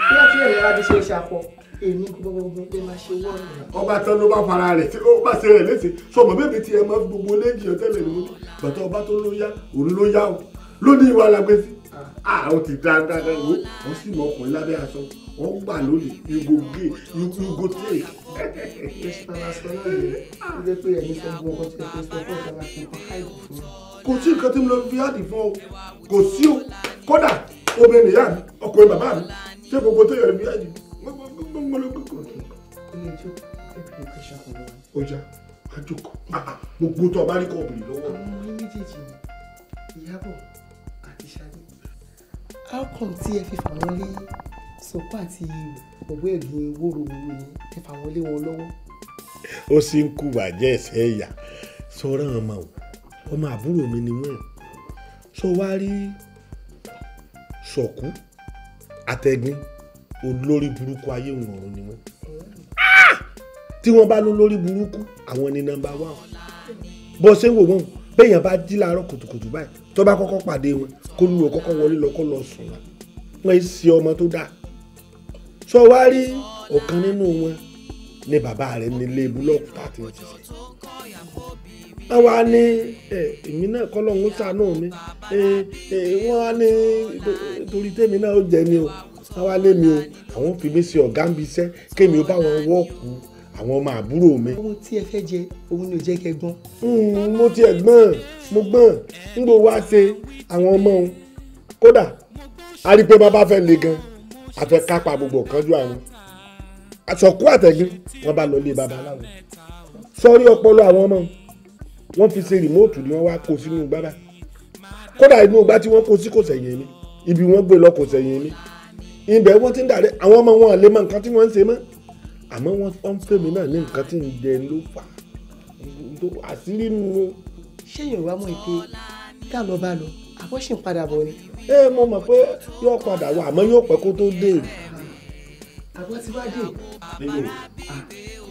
bí a ti rẹ̀ láti ṣe ìṣàpọ̀ èmi gbogbo pé máa ṣe wọ́n rẹ̀. ọba tán ló bá fara rẹ̀ ó bá ṣe rẹ̀ léṣe sọmọ bébí tiẹ̀ máa fi gbogbo léèjì ọ̀tẹ́lẹ̀ ló ní bàtà ọba tó ló yá òun ló yá o ló ní ìwà alágbèsí. a ah. ah, ti dáadáa wo wọ́n sì mọ ọkùnrin lábẹ́ aṣọ ó gbà lónìí you go gain you you go take. kò sí nǹkan tí mo lọ fi áàdì fún ọ kò sí o kódà obìnrin ìyá mi ọkùnrin bàbá mi ṣé gbogbo tó yọrọ bí áàdì mo lọ gbogbo. ọjà àjòkò gbogbo tó o bá rí kọ obìnrin lọ́wọ́. ọmọ yín méjèèjì ni Ìyábọ̀ àti Ṣadé. how come tí ẹ fi fà wọ́n lé Ṣọ̀pọ̀ àti ọ̀wọ́ ẹ̀gbìn wóró wóró ẹ fà wọ́n lé wọn lọ́wọ́. ó sì ń kú bàjẹ́ ẹ̀sẹ̀ ẹ̀yà sọ̀rọ̀ ọmọ o ọmọ àbúrò mi ni wọ́n sọ wá rí sọ̀kú àtẹ̀gbìn olórí burúkú ayé òǹrọ̀rùn ni wọ́n ah! tí wọ́n bá lọ lórí burúkú àwọn ni nọ́mbà wá bó ṣe ń wò wọ́n bẹ́ẹ̀yàn bá jí láàárọ̀ kùtùkùtù báyìí tó bá kọ́kọ́ pàdé wọn kó lu ọ̀kọ́kọ́ wọlé lọ kó lọ sùn wọn wọn ṣe ọmọ tó dáa sọ wá rí ọ̀kan nínú wọn ní bàbá rẹ̀ nílé búlọ́ọ̀kù tá a ti ń ṣiṣẹ́ wọ́n wá ní èmi náà kọ́ lọ́hún sànú mi wọ́n wá ní torí tèmi náà ó jẹ mi o wọ́n wá lé mi o àwọn fi mí sí ọ̀gá ń bi kémi ó bá wọn wọ́ọ̀kù àwọn ọmọ àbúrò mi. owó tí ẹ fẹ́ jẹ òun ni ò jẹ́ kẹ́ gbọ́n. Hmm, mo tiẹ̀ gbọ́n mo gbọ́n n gbọ́ wá ṣe àwọn ọmọ òun kódà a rí i pé bàbá fẹ́ le gan-an àfẹ́ kápá gbogbo ìkánjú àwọn àsọ̀kú àtẹ̀gín wọ́n bá lọ lé babaláwo sọ́rí ọpọlọ àwọn ọmọ wọn fi ṣe rìmóòtù ni wọ́n wá kó sínú igbá bá kódà inú igbá tí wọ́n kó sí kò sẹ̀yìn mi ibi wọ́n gbé lọ kò sẹ̀yìn mi ibẹ̀ wọ́n ti ń dàrẹ́ àwọn ọmọ wọn lè mọ nǹkan tí wọ́n ń ṣe mọ́ àmọ́ wọ́n ń fèmí náà ní nǹkan tí ń jẹ ló fà àṣírí nu. ṣé yorùbá mọ̀ ẹ́ pé ká lọ bá lọ àbọ̀ ṣì ń padà bọ̀ ni. ẹ mo mọ̀ pé yóò padà wá àmọ́ yóò pẹ́ kó tó dé. àbọ̀ ti wá dé. nílò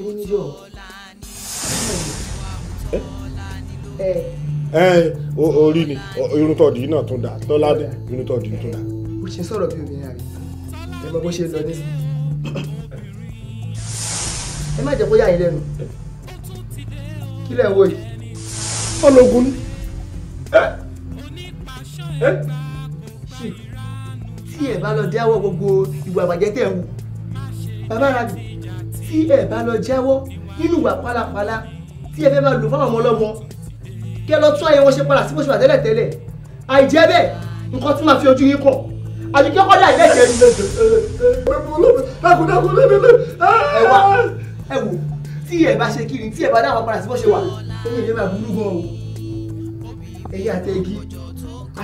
oúnjẹ ọ̀ ẹ ẹ orí ni irúntọ̀dì náà tún dà tọ́ládé irúntọ̀dì tún dà. ó ṣe sọ̀rọ̀ bí obìnrin àrí ẹ mọ bó ṣe lọ ní. ẹ má jẹ́ kó yà yín lẹ́nu kí lẹ́ ń wò yìí. ọlọ́gun ni tí ẹ bá lọ jáwọ́ gbogbo ìwà àbàjẹ́ tẹ̀ ń wù bàbá ara dùn tí ẹ bá lọ jáwọ́ nínú ìwà pálapàla tí ẹ fẹ́ máa lò fáwọn ọmọ ọlọ́mọ kí ẹ lọ tún àyẹ̀wò ṣe padà sí bó ṣe wà tẹ́lẹ̀ tẹ́lẹ̀ àìjẹ́ bẹ́ẹ̀ nǹkan tí màá fi ojú yín kọ̀ àti kí ọkọ̀ dà ilé ìjẹ́ ẹ wá ẹ wò tí ẹ bá ṣe kí ni tí ẹ bá dáwọn padà sí bó ṣe wà ẹ̀yìn ìjẹ́ máa burú gan o ẹ̀yìn àtẹ̀gí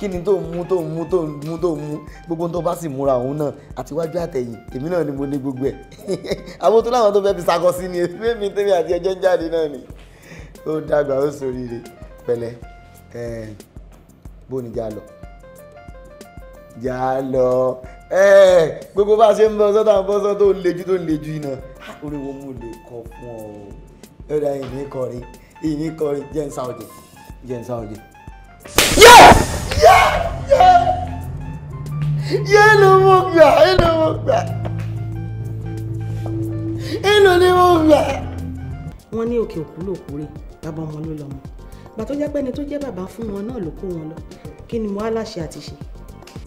kí ni tó ń mú tó ń mú tó ń mú tó ń mú gbogbo tó bá sì múra òun náà àtiwájú àtẹ̀yìn èmi náà ni mo ní gbogbo ẹ̀ àwọn tó láwọn tó fẹ́ fi sakọ sí ni èmi tèmi àti ẹjọ́ jáde náà ni ó dàgbà ó ṣoríire pẹ̀lẹ́ bóni já lọ já lọ gbogbo bá a ṣe ń bọ́ sọ́tà ń bọ́ sọ́tà tó ń lejú tó ń lejú iná orí wo mo lè kọ fún ọ ẹ ọ̀dà ìní kọrin ìní kọrin jẹ́ ń sá ọ̀jẹ̀ jẹ́ ń sá ọ̀jẹ̀. Yes! yé ló mo gbà yé ló mo gbà yé ló ní mo gbà. wọ́n ní òkè òkú lòkú rè bàbá ọmọ ló lọ́mọ gbà tó jẹ́ pé ẹni tó jẹ́ bàbá fún wọn náà ló kó wọn lọ kí ni mo á láṣẹ àti ṣe.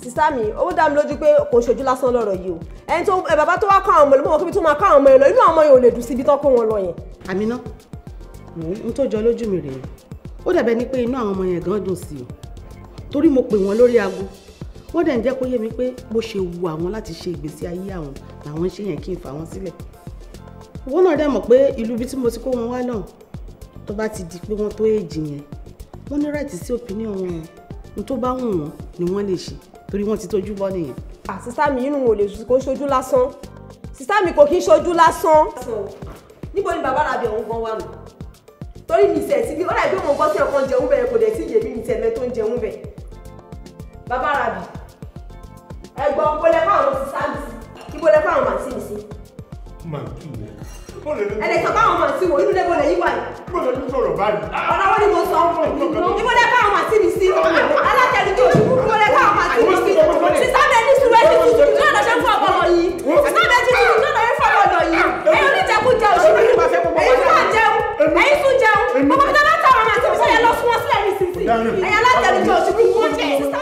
sísá mi ó dá mi lójú pé kò ṣojú lásán lọ́rọ̀ yìí o ẹni tó bàbá tó wá kọ́ àwọn ọmọ ìlú mọ̀ kí tó máa kọ́ àwọn ọmọ ìlú inú àwọn ọmọ yẹn ò lè dùn síbi tó kó wọn lọ yẹn. àmì náà n tó jọ lójú mi rèé ó dàbẹ ni pé inú àwọn ọmọ yẹn torí mo pè wọ́n lórí aago wọ́n dẹ̀ ń jẹ́ kó yé mi pé bó ṣe wu àwọn láti ṣe ìgbésí ayé àwọn làwọn ṣe yẹn kí n fà wọ́n sílẹ̀ owó náà dẹ̀ mọ̀ pé ìlú ibi tí mo ti kó wọn wá náà tó bá ti di pé wọ́n tó èjì yẹn wọ́n ní right sí opinion wọn n tó bá wù wọ́n ni wọ́n lè ṣe torí wọ́n ti tójú bọ́ nìyẹn. àsísá ah, mi inú wọn ò lè kó ṣojú lásán sísá mi kò kí ń ṣojú lásán. níbo ni bàbá rabi ọ̀hún gan wà nù torí mi tẹ̀ sí bí ó dàbí òun gbọ́ sí ọ̀kan jẹun bẹ̀rẹ̀ kò dẹ̀ sí yèmí mi tẹ̀ tó ń jẹun bẹ̀rẹ̀ bàbá rabi ẹ̀gbọ́n kò lẹ fáwọn ọmọ sí sáàbìsì ibo lẹ fáwọn màtí mi sí. màtí mi ẹnì kan báwọn màtí wò inú lẹ́gbọ̀n lẹ́yìn báyìí. mo lè ní sọ̀rọ̀ báyìí. ọ̀rọ̀ wo ni mo sọ ibo lẹ fáwọn màtí mi sí alájẹni tó ibo lẹ fáwọn màtí mi sí sísá bẹ ní sùúrù ẹni tuntun ní ọ̀nà tó ń fún ọmọ ọmọ yìí sísá bẹ ti tuntun ní ọ̀nà tó ń fún ọmọ yìí ah! ẹ̀yin oníjẹkújẹ òṣèlú ẹ̀yin fún àjẹun ẹ̀yin tún jẹun gbogbo tó bá tàwọn màtí mi sọ yẹn lọ fún wọn sílẹ̀ nísinsìnyí ẹ̀yin alájẹni tó òṣèlú kúrò jẹ sísá.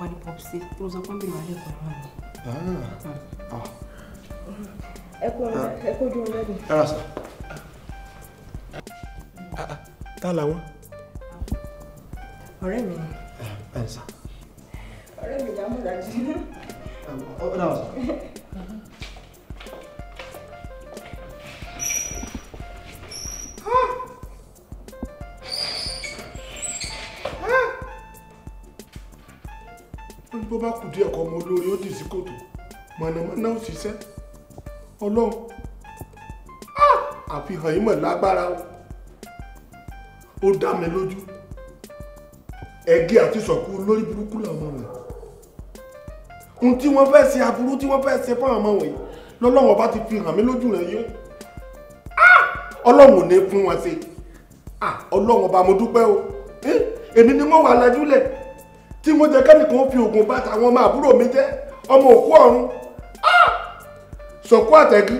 wà popsi, pọpsi tí mo sọ pé ń bèrè wà lẹ́kọ̀ọ́ náà ni. Ah. Ah. ẹ kó ojú ọmọ ẹ̀dùn. ẹ rà sá. ta làwọn. ọ̀rẹ́ mi ni. Ah, ẹ ẹ sá. ọ̀rẹ́ mi ni amúdájú. ọ̀rẹ́ mi náà ó ṣiṣẹ́ ọlọ́run ah! àfihàn yìí mọ̀ lágbára o ó dá mi lójú ẹgẹ́ àti sọ̀kú lórí burúkú làwọn ọmọ ohun tí wọ́n fẹ́ ṣe aburú tí wọ́n fẹ́ ṣe fáwọn ọmọ wọ̀nyí lọ́lọ́run ọba ti fi hàn mí lójú rẹ̀ yìí ah! ọlọ́run ò ní fún wọn ṣe ah! ọlọ́run ọba mo dúpẹ́ o eh! èmi ni mo wà lájúlẹ̀ tí mo jẹ́ kẹ́nìkan fi oògùn bá tàwọn ọmọ àbúrò mi jẹ́ ọmọ òkú ọ̀run sọ̀kú àtẹ́kí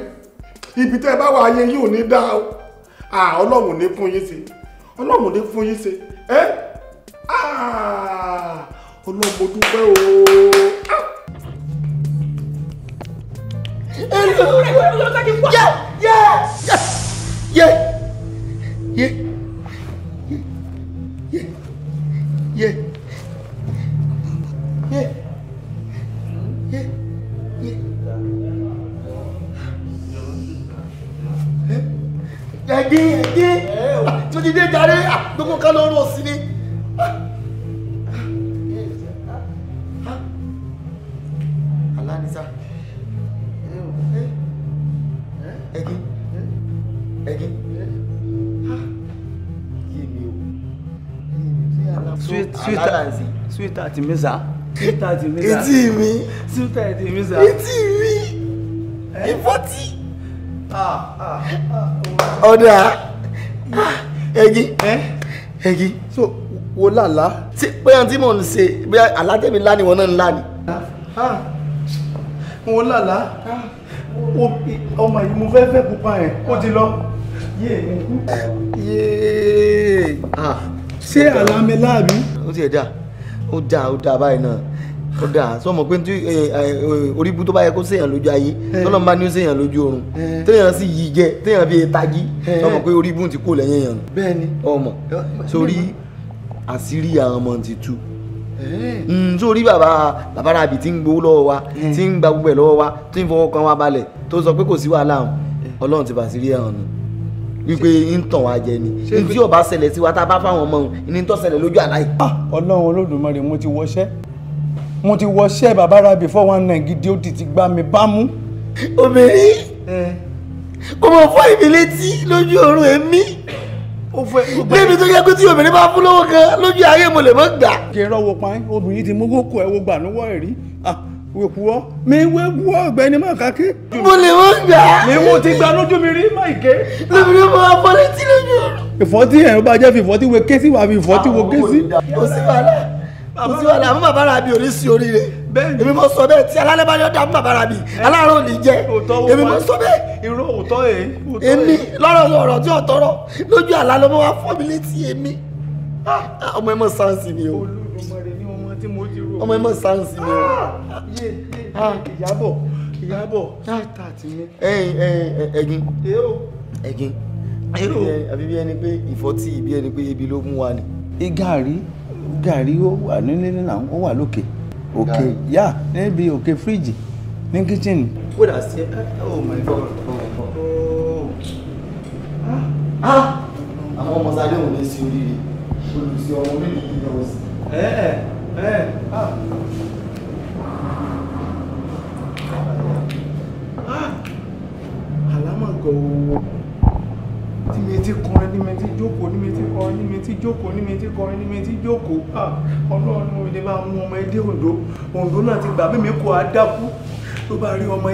ibi tẹ́ bá wà ayé yìí ò ní dá o ọlọ́run ní fún yín ṣe ọlọ́run ní fún yín ṣe ẹ́ ọlọ́run dúpẹ́ o. yẹ yẹ yẹ yẹ. ti mi sá síta ti mi sá etí mi síta ti mi sá etí mi eh? ìfọ́tí. Ah, ah, ah, ọ̀dà ẹ̀gí eh? ẹ̀gí so wo làlá tí bóyá tí mò ń ṣe bóyá àlátẹ̀mí ńlá ni wọn náà ńlá ni. wo làlá ọmọ yìí mo fẹ́ fẹ́ pupa yẹn ó ti lọ yéé ṣé àlámẹ́lá mi. ó ti ẹ̀ dáa ó dáa ó dáa báyìí náà ó dáa sọ mọ pé oríbu tó bá yẹ kó séèyàn lójú ayé tọ́lọ́ bá ní ó séèyàn lójú oorun téèyàn sì yí jẹ téèyàn fi tají sọ mọ pé oríbu ti kó lẹ́yìn èèyàn bẹ́ẹ̀ni ọmọ sórí àṣírí àwọn ọmọ ti tú hmm, sórí bàbá bàbá rabi ti ń gbowó lọ́wọ́ wa ti ń gba gbogbo ẹ̀ lọ́wọ́ wa tó ń fọwọ́ kan wa balẹ̀ tó sọ pé kò sí wàhálà ọ̀hún ọlọ́run ti bàṣírí ẹ̀ hàn nù wípé ń tàn wá jẹ ni ní tí ò bá ṣẹlẹ̀ sí wa tá a bá fáwọn ọmọ òun ní tó ṣẹlẹ̀ lójú àlá yìí. Ah! ọlọ́run olódùmarè mo ti wọṣẹ́ mo ti wọṣẹ́ bàbá rabi four one nine gidi ó ti ti gbá mi bámú. obìnrin kò mọ̀ fọ́ ìmí létí lójú oorun ẹ̀mí lébi tó yẹ kó tí obìnrin bá fún lówó kan lójú ayé mo lè mọ́ gbà. kí ẹ rọ́wọ́ pa obìnrin ti mú kókó ẹ̀ wo gbà níwọ̀ ẹ̀rí òkúwọ́ mi wéwu ọ̀gbẹ́ni má kàkí. mo lè wọ́n gbà. mi wo ti gba lójú mi rí máìké. lóbìnrin mo máa fọ́ létí lójú ọ̀rọ̀. ìfọ́tí ẹ̀ ló bá jẹ́ fi ìfọ́tí wo ké sí wàá fi ìfọ́tí wo ké sí. kò sí wàhálà kò sí wàhálà mú bàbá rà bí orí sí oríire. èmi mo sọ bẹ́ẹ̀ tí alálẹ́ bá yọ̀ dá mú bàbá rà bí aláàárọ̀ ní jẹ́ èmi mo sọ bẹ́ẹ̀. irú òótọ́ ẹ̀. èmi lọ́rọ̀ ọ̀rọ̀ tí ò lójú àlá ló mọ́ fọ́ mi létí èmi. Ah, ọmọ ẹ mọ̀ sáǹsì ni o. ọmọ ẹ mọ̀ sáǹsì ni o. Ah! Ah! ìyábọ̀ ìyábọ̀ táàtà ti mí. ẹ̀gin ẹgin àbí bí ẹni pé ìfọ́tí bí ẹni pé ebi ló mú wa ni. igari gàrí ó wà nílé nínú àwọn ó wà lókè òkè yá níbi òkè fíríjì ní kíchìnì. sí ẹ oh oh. ah! ọmọ ọmọ É. Ah. Ah. Àlámọ̀ gòwò. Tí mi ti kọrin, ní mi ti jókòó, ni, mi ti kọrin, ní mi ti jókòó, ní mi ti kọrin, ní mi ti jókòó. Ọlọ́run ni mo lè máa mú ọmọ ẹdẹ Ondo. Ondo náà ti gbà bí mi kò á dákú. Ló bá rí ọmọ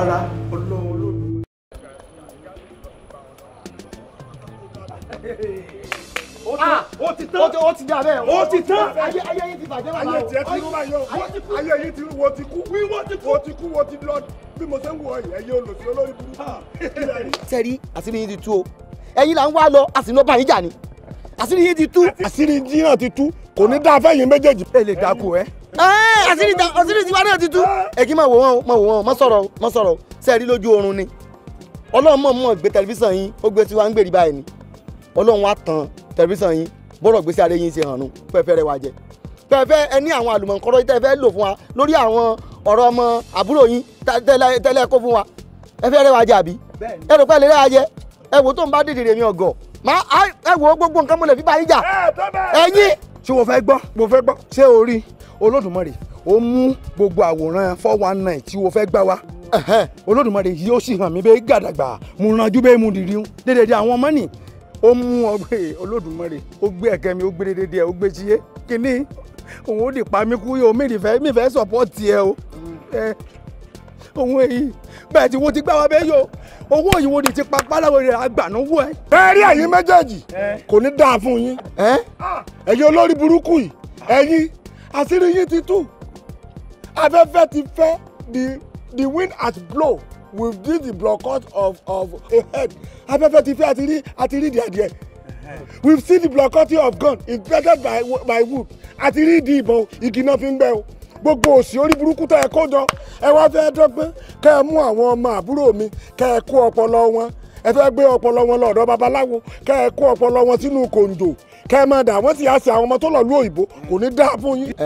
ara. Ọlọ́run ló lù. Hey. Ah. Ah. ó ti tán ó ti dà bẹ́ẹ̀ ó ti tán ayé ayé yìí ti bàjẹ́ bàbá o ayé tiẹ̀ ti rú báyọ̀ ayé yìí ti rú wo ti kú wo ti kú wo ti kú wo ti lọ bí mo ṣe ń wọ ẹ̀yẹ yóò lò sí olórí burúkú. sẹ́rí ah. àṣírí yín ti tú o ẹ̀yin là ń wá lọ àṣírí ló bá yín jà ni àṣírí yín ti tú. àṣírí yín náà ti tú kò ní dáa fẹ́yìn méjèèjì. ẹ lè dáko ẹ. àṣírí àṣírí tiwa náà ti tú. ẹ máa wò wọn máa wò wọn o sọ̀rọ̀ má sọ̀rọ̀ sẹ́ẹ̀rí lójú oorun ni ọlọ́run mọ̀ mọ̀ gbé tẹlifíṣàn yín ó gbé tiwa ń gbèrè báyìí ni ọlọ́run wa tán tẹlifíṣàn yín bọ́rọ̀ gbèsè ààrẹ yín ṣe hàn nù pẹ́ẹ́fẹ́ rẹ wá jẹ pẹ́ẹ́fẹ́ ẹ ní àwọn àlùmọ̀ǹkọ́rọ́ tẹ́ fẹ́ lò fún wa lórí àwọn ọ̀rọ̀ ọmọ àbúrò yín tẹ́lẹ̀ kó fún wa ẹ fẹ́ rẹ wá jẹ àbí ẹ rò pẹ́ lè rẹ wá jẹ ẹ wò tó ń bá dìde rèmi ọ̀gọ̀ má ẹ wò ó gbogbo nǹkan mo lè fi bá yín jà ẹ̀yin. ṣé mo fẹ́ gbọ́ mo fẹ́ gbọ́ ṣé o rí Olódùmarè ó mú gbogbo àwòrán four one nine tí o fẹ́ gbá wa Olódùmarè yìí ó sì hàn mí bẹ́ẹ̀ gàdàgbà mo ranjú bẹ́ẹ̀ mo dìrí dédé àwọn ọmọ nì ó mú ọgbẹ́ Olódùmarè ó gbé ẹ̀kẹ́ mi ó gbé dédé díẹ̀ ó gbé jíyé kínní òun ó dì pa mí kú yóò mí ìfẹ́ mí ìfẹ́ sọ̀pọ́ọ̀tì ẹ o òun èyí bẹ́ẹ̀ tí wo ti gbá wa bẹ́ẹ̀ yọ owó òyìnbó ni ti pa páláwo rẹ̀ àgbànáwó ẹ. bẹ́ẹ̀ rí ẹ̀yin méjèèjì kò ní dáa fún yín ẹ̀yin olórí burúkú yìí ẹ̀yin àṣírí yín ti tú afẹ́fẹ́ ti fẹ́ the the wind at blow we did the blockade of of a head afẹ́fẹ́ ti fẹ́ àti rí àti rí díẹ̀díẹ̀ we see the blockade of gun infected by by wood àti rí di ìbọn igi náà fi ń gbẹ o gbogbo òsì orí burúkú tẹ ẹ kó jọ ẹ wá fẹ́ dọ́gbọ́n kẹ́ ẹ mú àwọn ọmọ àbúrò mi kẹ́ ẹ kó ọpọlọ wọn ẹ fẹ́ gbé ọpọlọ wọn lọ́dọ̀ babaláwo kẹ́ ẹ kó ọpọlọ wọn sínú kòǹdò kẹ́ ẹ máa dà wọ́n sì á àwọn ọmọ tó lọ lú òyìnbó kò ní dáa fún yín. Ah,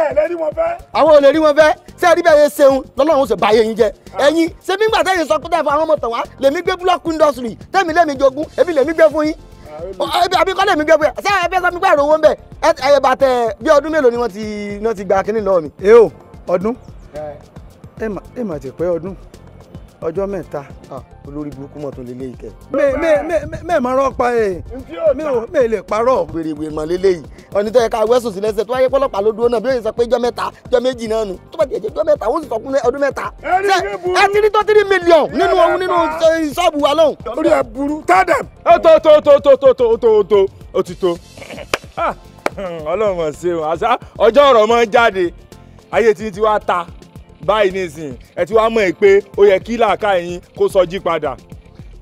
ẹ lè rí wọn fẹ́. àwọn ò lè rí wọn fẹ́ ṣé ẹ rí bẹ́ẹ̀ ṣeun lọ́lọ́run ṣe báyé yín jẹ ah. ẹ̀yin ṣé nígbà tẹ́yìn sọ pé tẹ́ àwọn ọmọ tàn lèmi gbé búlọ́ọ̀kù indọ́sírì ọjọ́ mẹ́ta ah, olórí burúkú mọ̀ tún lélẹ́yìí kẹ. mẹ́ẹ̀mọ́ rán pa ẹ̀ mẹ́ẹ̀ lè parọ́ wèrèwèrè mọ̀ lélẹ́yìí ọ̀nìtọ́ ẹ̀ka wẹ́sùn sí lẹ́sẹ̀ tó wáyé pọ́lọ́pàá ló dúró náà bí ó yẹ sọ pé jọ́ mẹ́ta jọ́ méjì náà nù tó bá jẹ́ jọ́ mẹ́ta ó sì sọ fún ọdún mẹ́ta. ẹ ti ní tó tírí mílíọ̀n nínú ohun nínú ṣọ́ọ̀bù wa lọ́hùn. orí ẹ burú tádà. ó tó tó tó tó tó tó tó tó ó ti tó. Ah, ọlọ́run mọ̀ sí báyìí nísìnyí ẹ ti wá mọ̀ ẹ́ pé ó yẹ kí làákà yín kó sọjí padà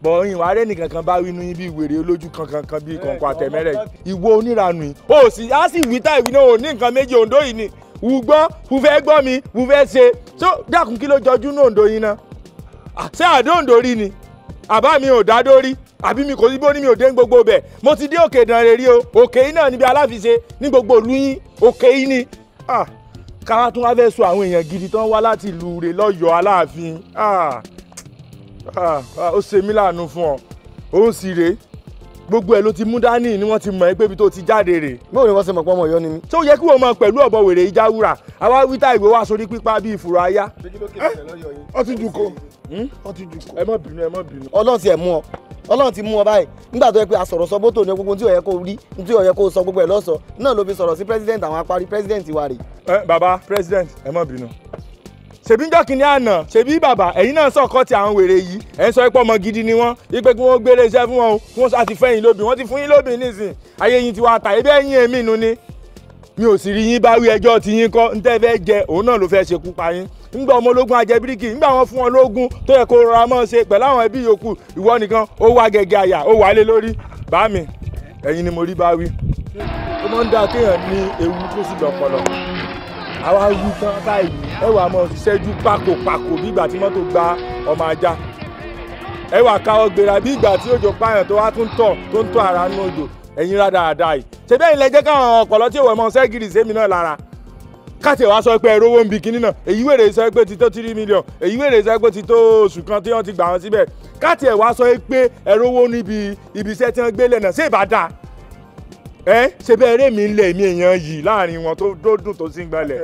bọ̀ ìwà arẹ́ nìkan kan bá wínú yín bíi wèrè olójú kankan kan bíi kọ̀ǹkọ̀ àtẹ̀mẹ́rẹ̀ ìwọ oníranù yìí ó sì á sì wí tá ìwí náà ò ní nǹkan méjì òǹdó yìí ni wù gbọ́ wù fẹ́ gbọ́ mi wù fẹ́ ṣe tó dákun kí ló jọjú ní òǹdó yín náà ṣé àdóǹdó rí ni àbá mi ò dá dórí àbí mi kò sí bó ní mi ò dé ní gbogbo bẹ̀ mo ti dé òkè ìdánrẹ́ o òkè yìí náà níbi aláfiṣe ní gbogbo ìlú yín òkè yìí ni. Ah káwá tún wá fẹ́ sọ àwọn èèyàn gidi tán wá láti ìlú rẹ̀ lọ́yọ̀ọ́ aláàfin ah, ah, ah, ó ṣe mí láàánú fún ọ òun sì rèé gbogbo ẹ ló ti mú dání ni wọn ti mọ̀ ẹ́ pé ibi tó ti jáde rè. o ni wọn ṣe mọ̀ ọmọ ni mí. tó yẹ kí wọ́n mọ pẹlú ọ̀bọ wèrè ìjáwúra àwa wíta ìwé wa sórí pípa bíi ifuru ayá. ó ti jùkọ hmm? ó ẹ má ẹ ti ẹ̀ mú ọ ti ọ báyìí nígbà tó yẹ pé sọ bótó ni gbogbo tí ó yẹ kó rí tí ó yẹ sọ gbogbo ẹ ṣèbí njọ́ kìíní àná ṣèbí bàbá ẹ̀yin náà sọ̀kọ́ ti àwọn wèrè yìí ẹ̀ ń sọ ipò ọmọ gidi ni wọ́n ipe kí wọ́n gbére iṣẹ́ fún wọn o kí wọ́n sá fẹ́yìn lóbìn wọ́n ti fún yín lóbìn nísìn ayé yín ti wá ta ebi ẹ̀yìn èmi nu ni mi ò sì rí yín bá wí ẹjọ́ ti yín kọ́ ntẹ́ fẹ́ jẹ òun náà ló fẹ́ ṣekú pa yín ńgbà ọmọ ológun ajẹbíríkì ńgbà wọn fún wọn lógún tó yẹ kó rọra mọ́ ṣe pẹ̀lú àwọn ẹbí yòókù ìwọ nìkan ó wá gẹ́gẹ́ àyà ó wà lé lórí bá mi ẹ̀yin ni mo rí bá wí ó máa ń dáa kéèyàn ní ewu tó sì lọ́pọlọ àwa wí tán báyìí ẹ wà mọ ṣẹ́jú pàkópàkó bí ìgbà tí mọ́tò gba ọmọ ajá ẹ wà káwọ́ gbéra bí ìgbà tí òjò pààyàn tó wá tún tọ̀ tó ń tọ̀ ara nú òjò ẹ̀yin rádaràda yìí ṣe bẹ́ẹ̀ ilẹ̀ jẹ́ káwọn ọ̀pọ̀lọ́ tí ìwọ̀n ọmọ ṣẹ́gìrì sẹ́mi náà lára káti wàá sọ pé rówó ń bi kínní náà èyí wèrè sọ pé ti tó three million èyí wèrè sọ pé ti tó oṣù kan tí wọ́n ti gbà wọ́n síbẹ̀ káti ẹ̀ wàá sọ pé ẹ rówó níbi ibiṣẹ́ tí wọ́n gbélé náà ṣé ìbá dáa ẹ ṣe bẹ́ẹ̀ eré mi ń lẹ̀ mí èèyàn yìí láàrin wọn tó dùn tó sì ń gbalẹ̀.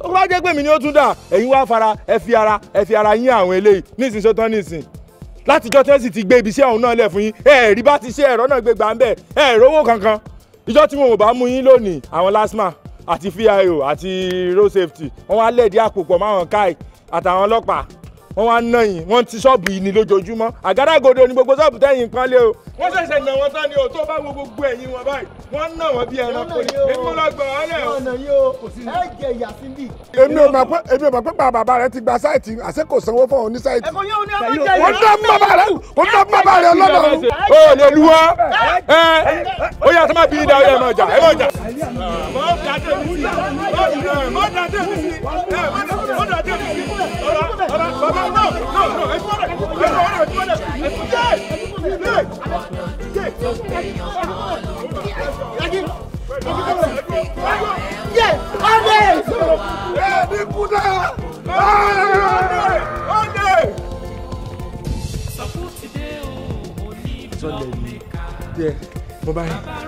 ó bá ah! jẹ́ pé mi ni ó tún dà ẹ̀yin wá fara ẹ fi ara ẹ fi ara yín àwọn eléyìí nísìnyí sọ́tọ́ nísìnyí látijọ́ tí wọ́n sì ti gbé ibiṣẹ́ ọ̀hún náà lẹ̀ fún yín ẹ rí bá ti ṣe ẹ̀rọ náà gbé gbà ń bẹ̀ ẹ rówó kankan ìjọ́ tí wọn ò bá mú yín lónìí àwọn lasma àti fio àti road safety wọn wá lẹ̀dí àpò pọ̀ máwọn káì àtàwọn ọlọ́pàá wọ́n wá ná yín wọ́n ti ṣọ́ọ̀bù yìí ní lójoojúmọ́ àgádágodo ni gbogbo ṣọ́ọ̀bù tẹ̀yìn kan lé o wọ́n ṣẹ̀ṣẹ̀ nà wọ́n tán ni o tó bá wo gbogbo ẹ̀yìn wọn báyìí wọ́n nà wọ́n bí ẹranko ni èmi lọ gbà wọ́n lẹ̀ o. èmi ò mọ̀ pé èmi ò mọ̀ pé bàbá rẹ ti gba sáìtì àṣẹ kò sanwó fún òun ní sáìtì. wọ́n dá ó yà tó má Bye-bye.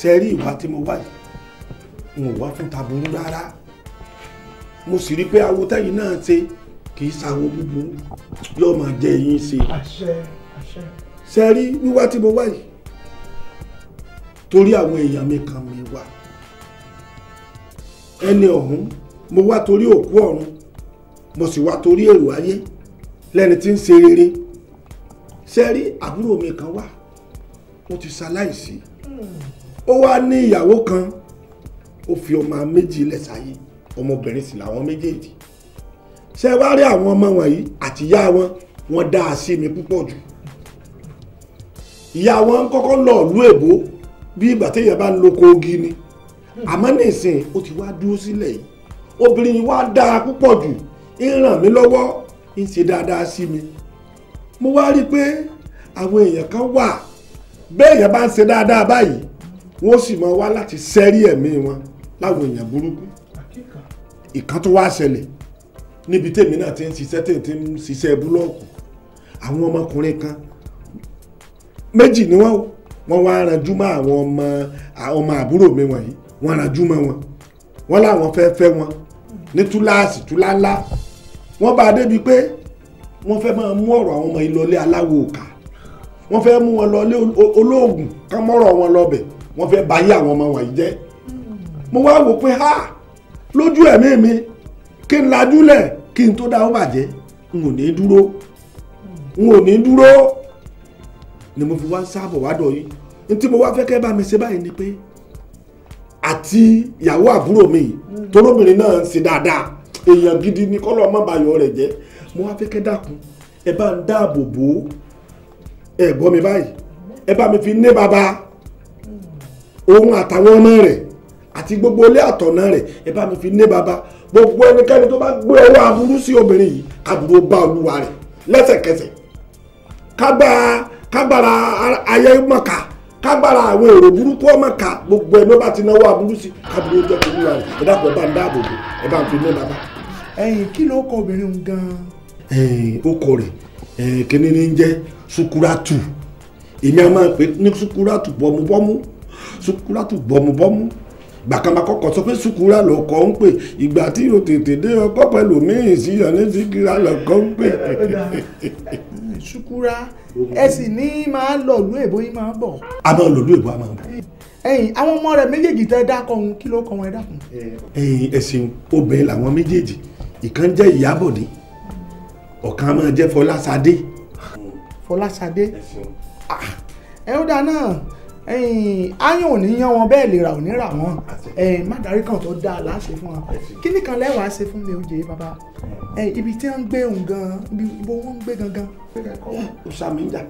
tẹ́rí ìwà tí mo wá yìí n ò wá fún taburú rárá mo sì rí i pé awo tẹ́yìn náà ṣe kì í ṣàwo búburú yóò máa jẹ yín ṣe. àṣẹ àṣẹ. ṣe rí wíwá tí mo wá yìí torí àwọn èèyàn mi kan mi wá ẹni ọ̀hún mo wá torí òkú ọ̀run mo sì wá torí èrò ayé lẹ́ni tí ń ṣe rere ṣe àbúrò mi kan wá ó ti ṣaláìsí. Mm ó wá ní ìyàwó kan ó fi ọmọ méjì ilẹ̀ sáyé ọmọbìnrin sì làwọn méjèèjì ṣe wá rí àwọn ọmọ wọ̀nyí àti ìyá wọn wọ́n dá a sí mi púpọ̀ jù ìyá wọn kọ́kọ́ lọ ìlú èbó bí ìgbà téèyàn bá ń lo kogi ni àmọ́ nísìnyí ó ti wá dúró sílẹ̀ yìí obìnrin yìí wá dáa púpọ̀ jù ń ràn mí lọ́wọ́ ń ṣe dáadáa sí mi mo wá rí i pé àwọn èèyàn kan wà bẹ́ẹ̀ yẹn bá ń ṣe dáadáa báyìí wọ́n sì máa wá láti sẹ́rí ẹ̀mí wọn láwọn èèyàn burúkú ìkan tó wá ṣẹlẹ̀ níbi tèmi náà ti ń ṣiṣẹ́ tèmi ti ń ṣiṣẹ́ búlọ́ọ̀kù àwọn ọmọkùnrin kan méjì ni wọ́n wọ́n wá ranjú mọ́ àwọn ọmọ ọmọ àbúrò mi wọ̀nyí wọ́n ranjú mọ́ wọn wọ́n láwọn fẹ́ fẹ́ wọn ní túláàsì túláńlá wọ́n bá a débi pé wọ́n fẹ́ máa mú ọ̀rọ̀ àwọn ọmọ ìlọlé aláwo òkà wọ́n fẹ́ mú wọn lọlé olóògùn ká mọ́rọ̀ wọn lọ́bẹ̀ẹ́ wọ́n fẹ́ báyé àwọn ọmọ wọ̀nyí jẹ́ mo wá wò pé ha lójú ẹ̀mí mi kí n lajúlẹ̀ kí n tó dáwọ́ bàjẹ́ n ò ní dúró n ò ní dúró ni mo fi wá sáàbọ̀ wádọ̀ yìí ní tí mo wá fẹ́ kẹ́ bá mi ṣe báyìí ni pé àti ìyàwó àbúrò mi torobìnrin náà ń ṣe dáadáa èèyàn gidi ni kọ́lọ́ ọmọ bàyọ̀ rẹ̀ jẹ́ mo wá fẹ́ kẹ́ dákun ẹ bá ń dáàbò bò ó ẹ gbọ́ mi báyìí ẹ bá mi fi ní bàbá òun àtàwọn ọmọ rẹ̀ àti gbogbo ilé àtọ̀nà rẹ̀ ẹ bá mi fi ní baba gbogbo ẹnikẹ́ni tó bá gbé ọwọ́ aburú sí obìnrin yìí kàbúrò bá olúwa rẹ̀ lẹ́sẹ̀kẹsẹ̀ kábàrà ayé mọ̀ká kábàrà àwọn èrò burúkú ọmọka gbogbo ẹni ó bá ti náwó aburú sí kàbúrò jẹ́ kí olúwa rẹ̀ ẹ dàpọ̀ ẹ bá ń dáàbò bò ẹ bá ń fi ní baba. ẹ̀yin kí ló kọ obìnrin ń gan. o kọ rẹ̀ kíní ní jẹ́ sukuratu èmi a máa pè ní sukuratu bom sukura tún bọ́mubọ́mu gbàkànbà kọkọ sọ pé sukura lọkọ ń pè ìgbà tí o tètè dé ọkọ pẹ̀lú míì sí ọ̀nà síkírà lọkọ ń pè. sukura ẹ sì ní máa lọ lú èbó yín máa bọ̀. a máa lọ lú èbó a máa bọ̀. ẹ̀yin àwọn ọmọ rẹ méjèèjì tẹ dákọ ohun kí ló kọ wọn ẹ dákun. ẹ̀yin ẹsìn obìnrin làwọn méjèèjì ìkan jẹ́ ìyábọ̀dé ọ̀kan máa jẹ́ fọlásadé. fọlásadé ẹ ah, ó dáa ayọ̀ ò ní yán wọn bẹ́ẹ̀ lè rà ò ní rà kan tó dáa fún wọn kí nìkan lẹ́wàá ṣe fún mi ó jẹ́ bàbá ibi tí wọ́n ń gbé òun gan-an ibo wọ́n ń gbé gangan.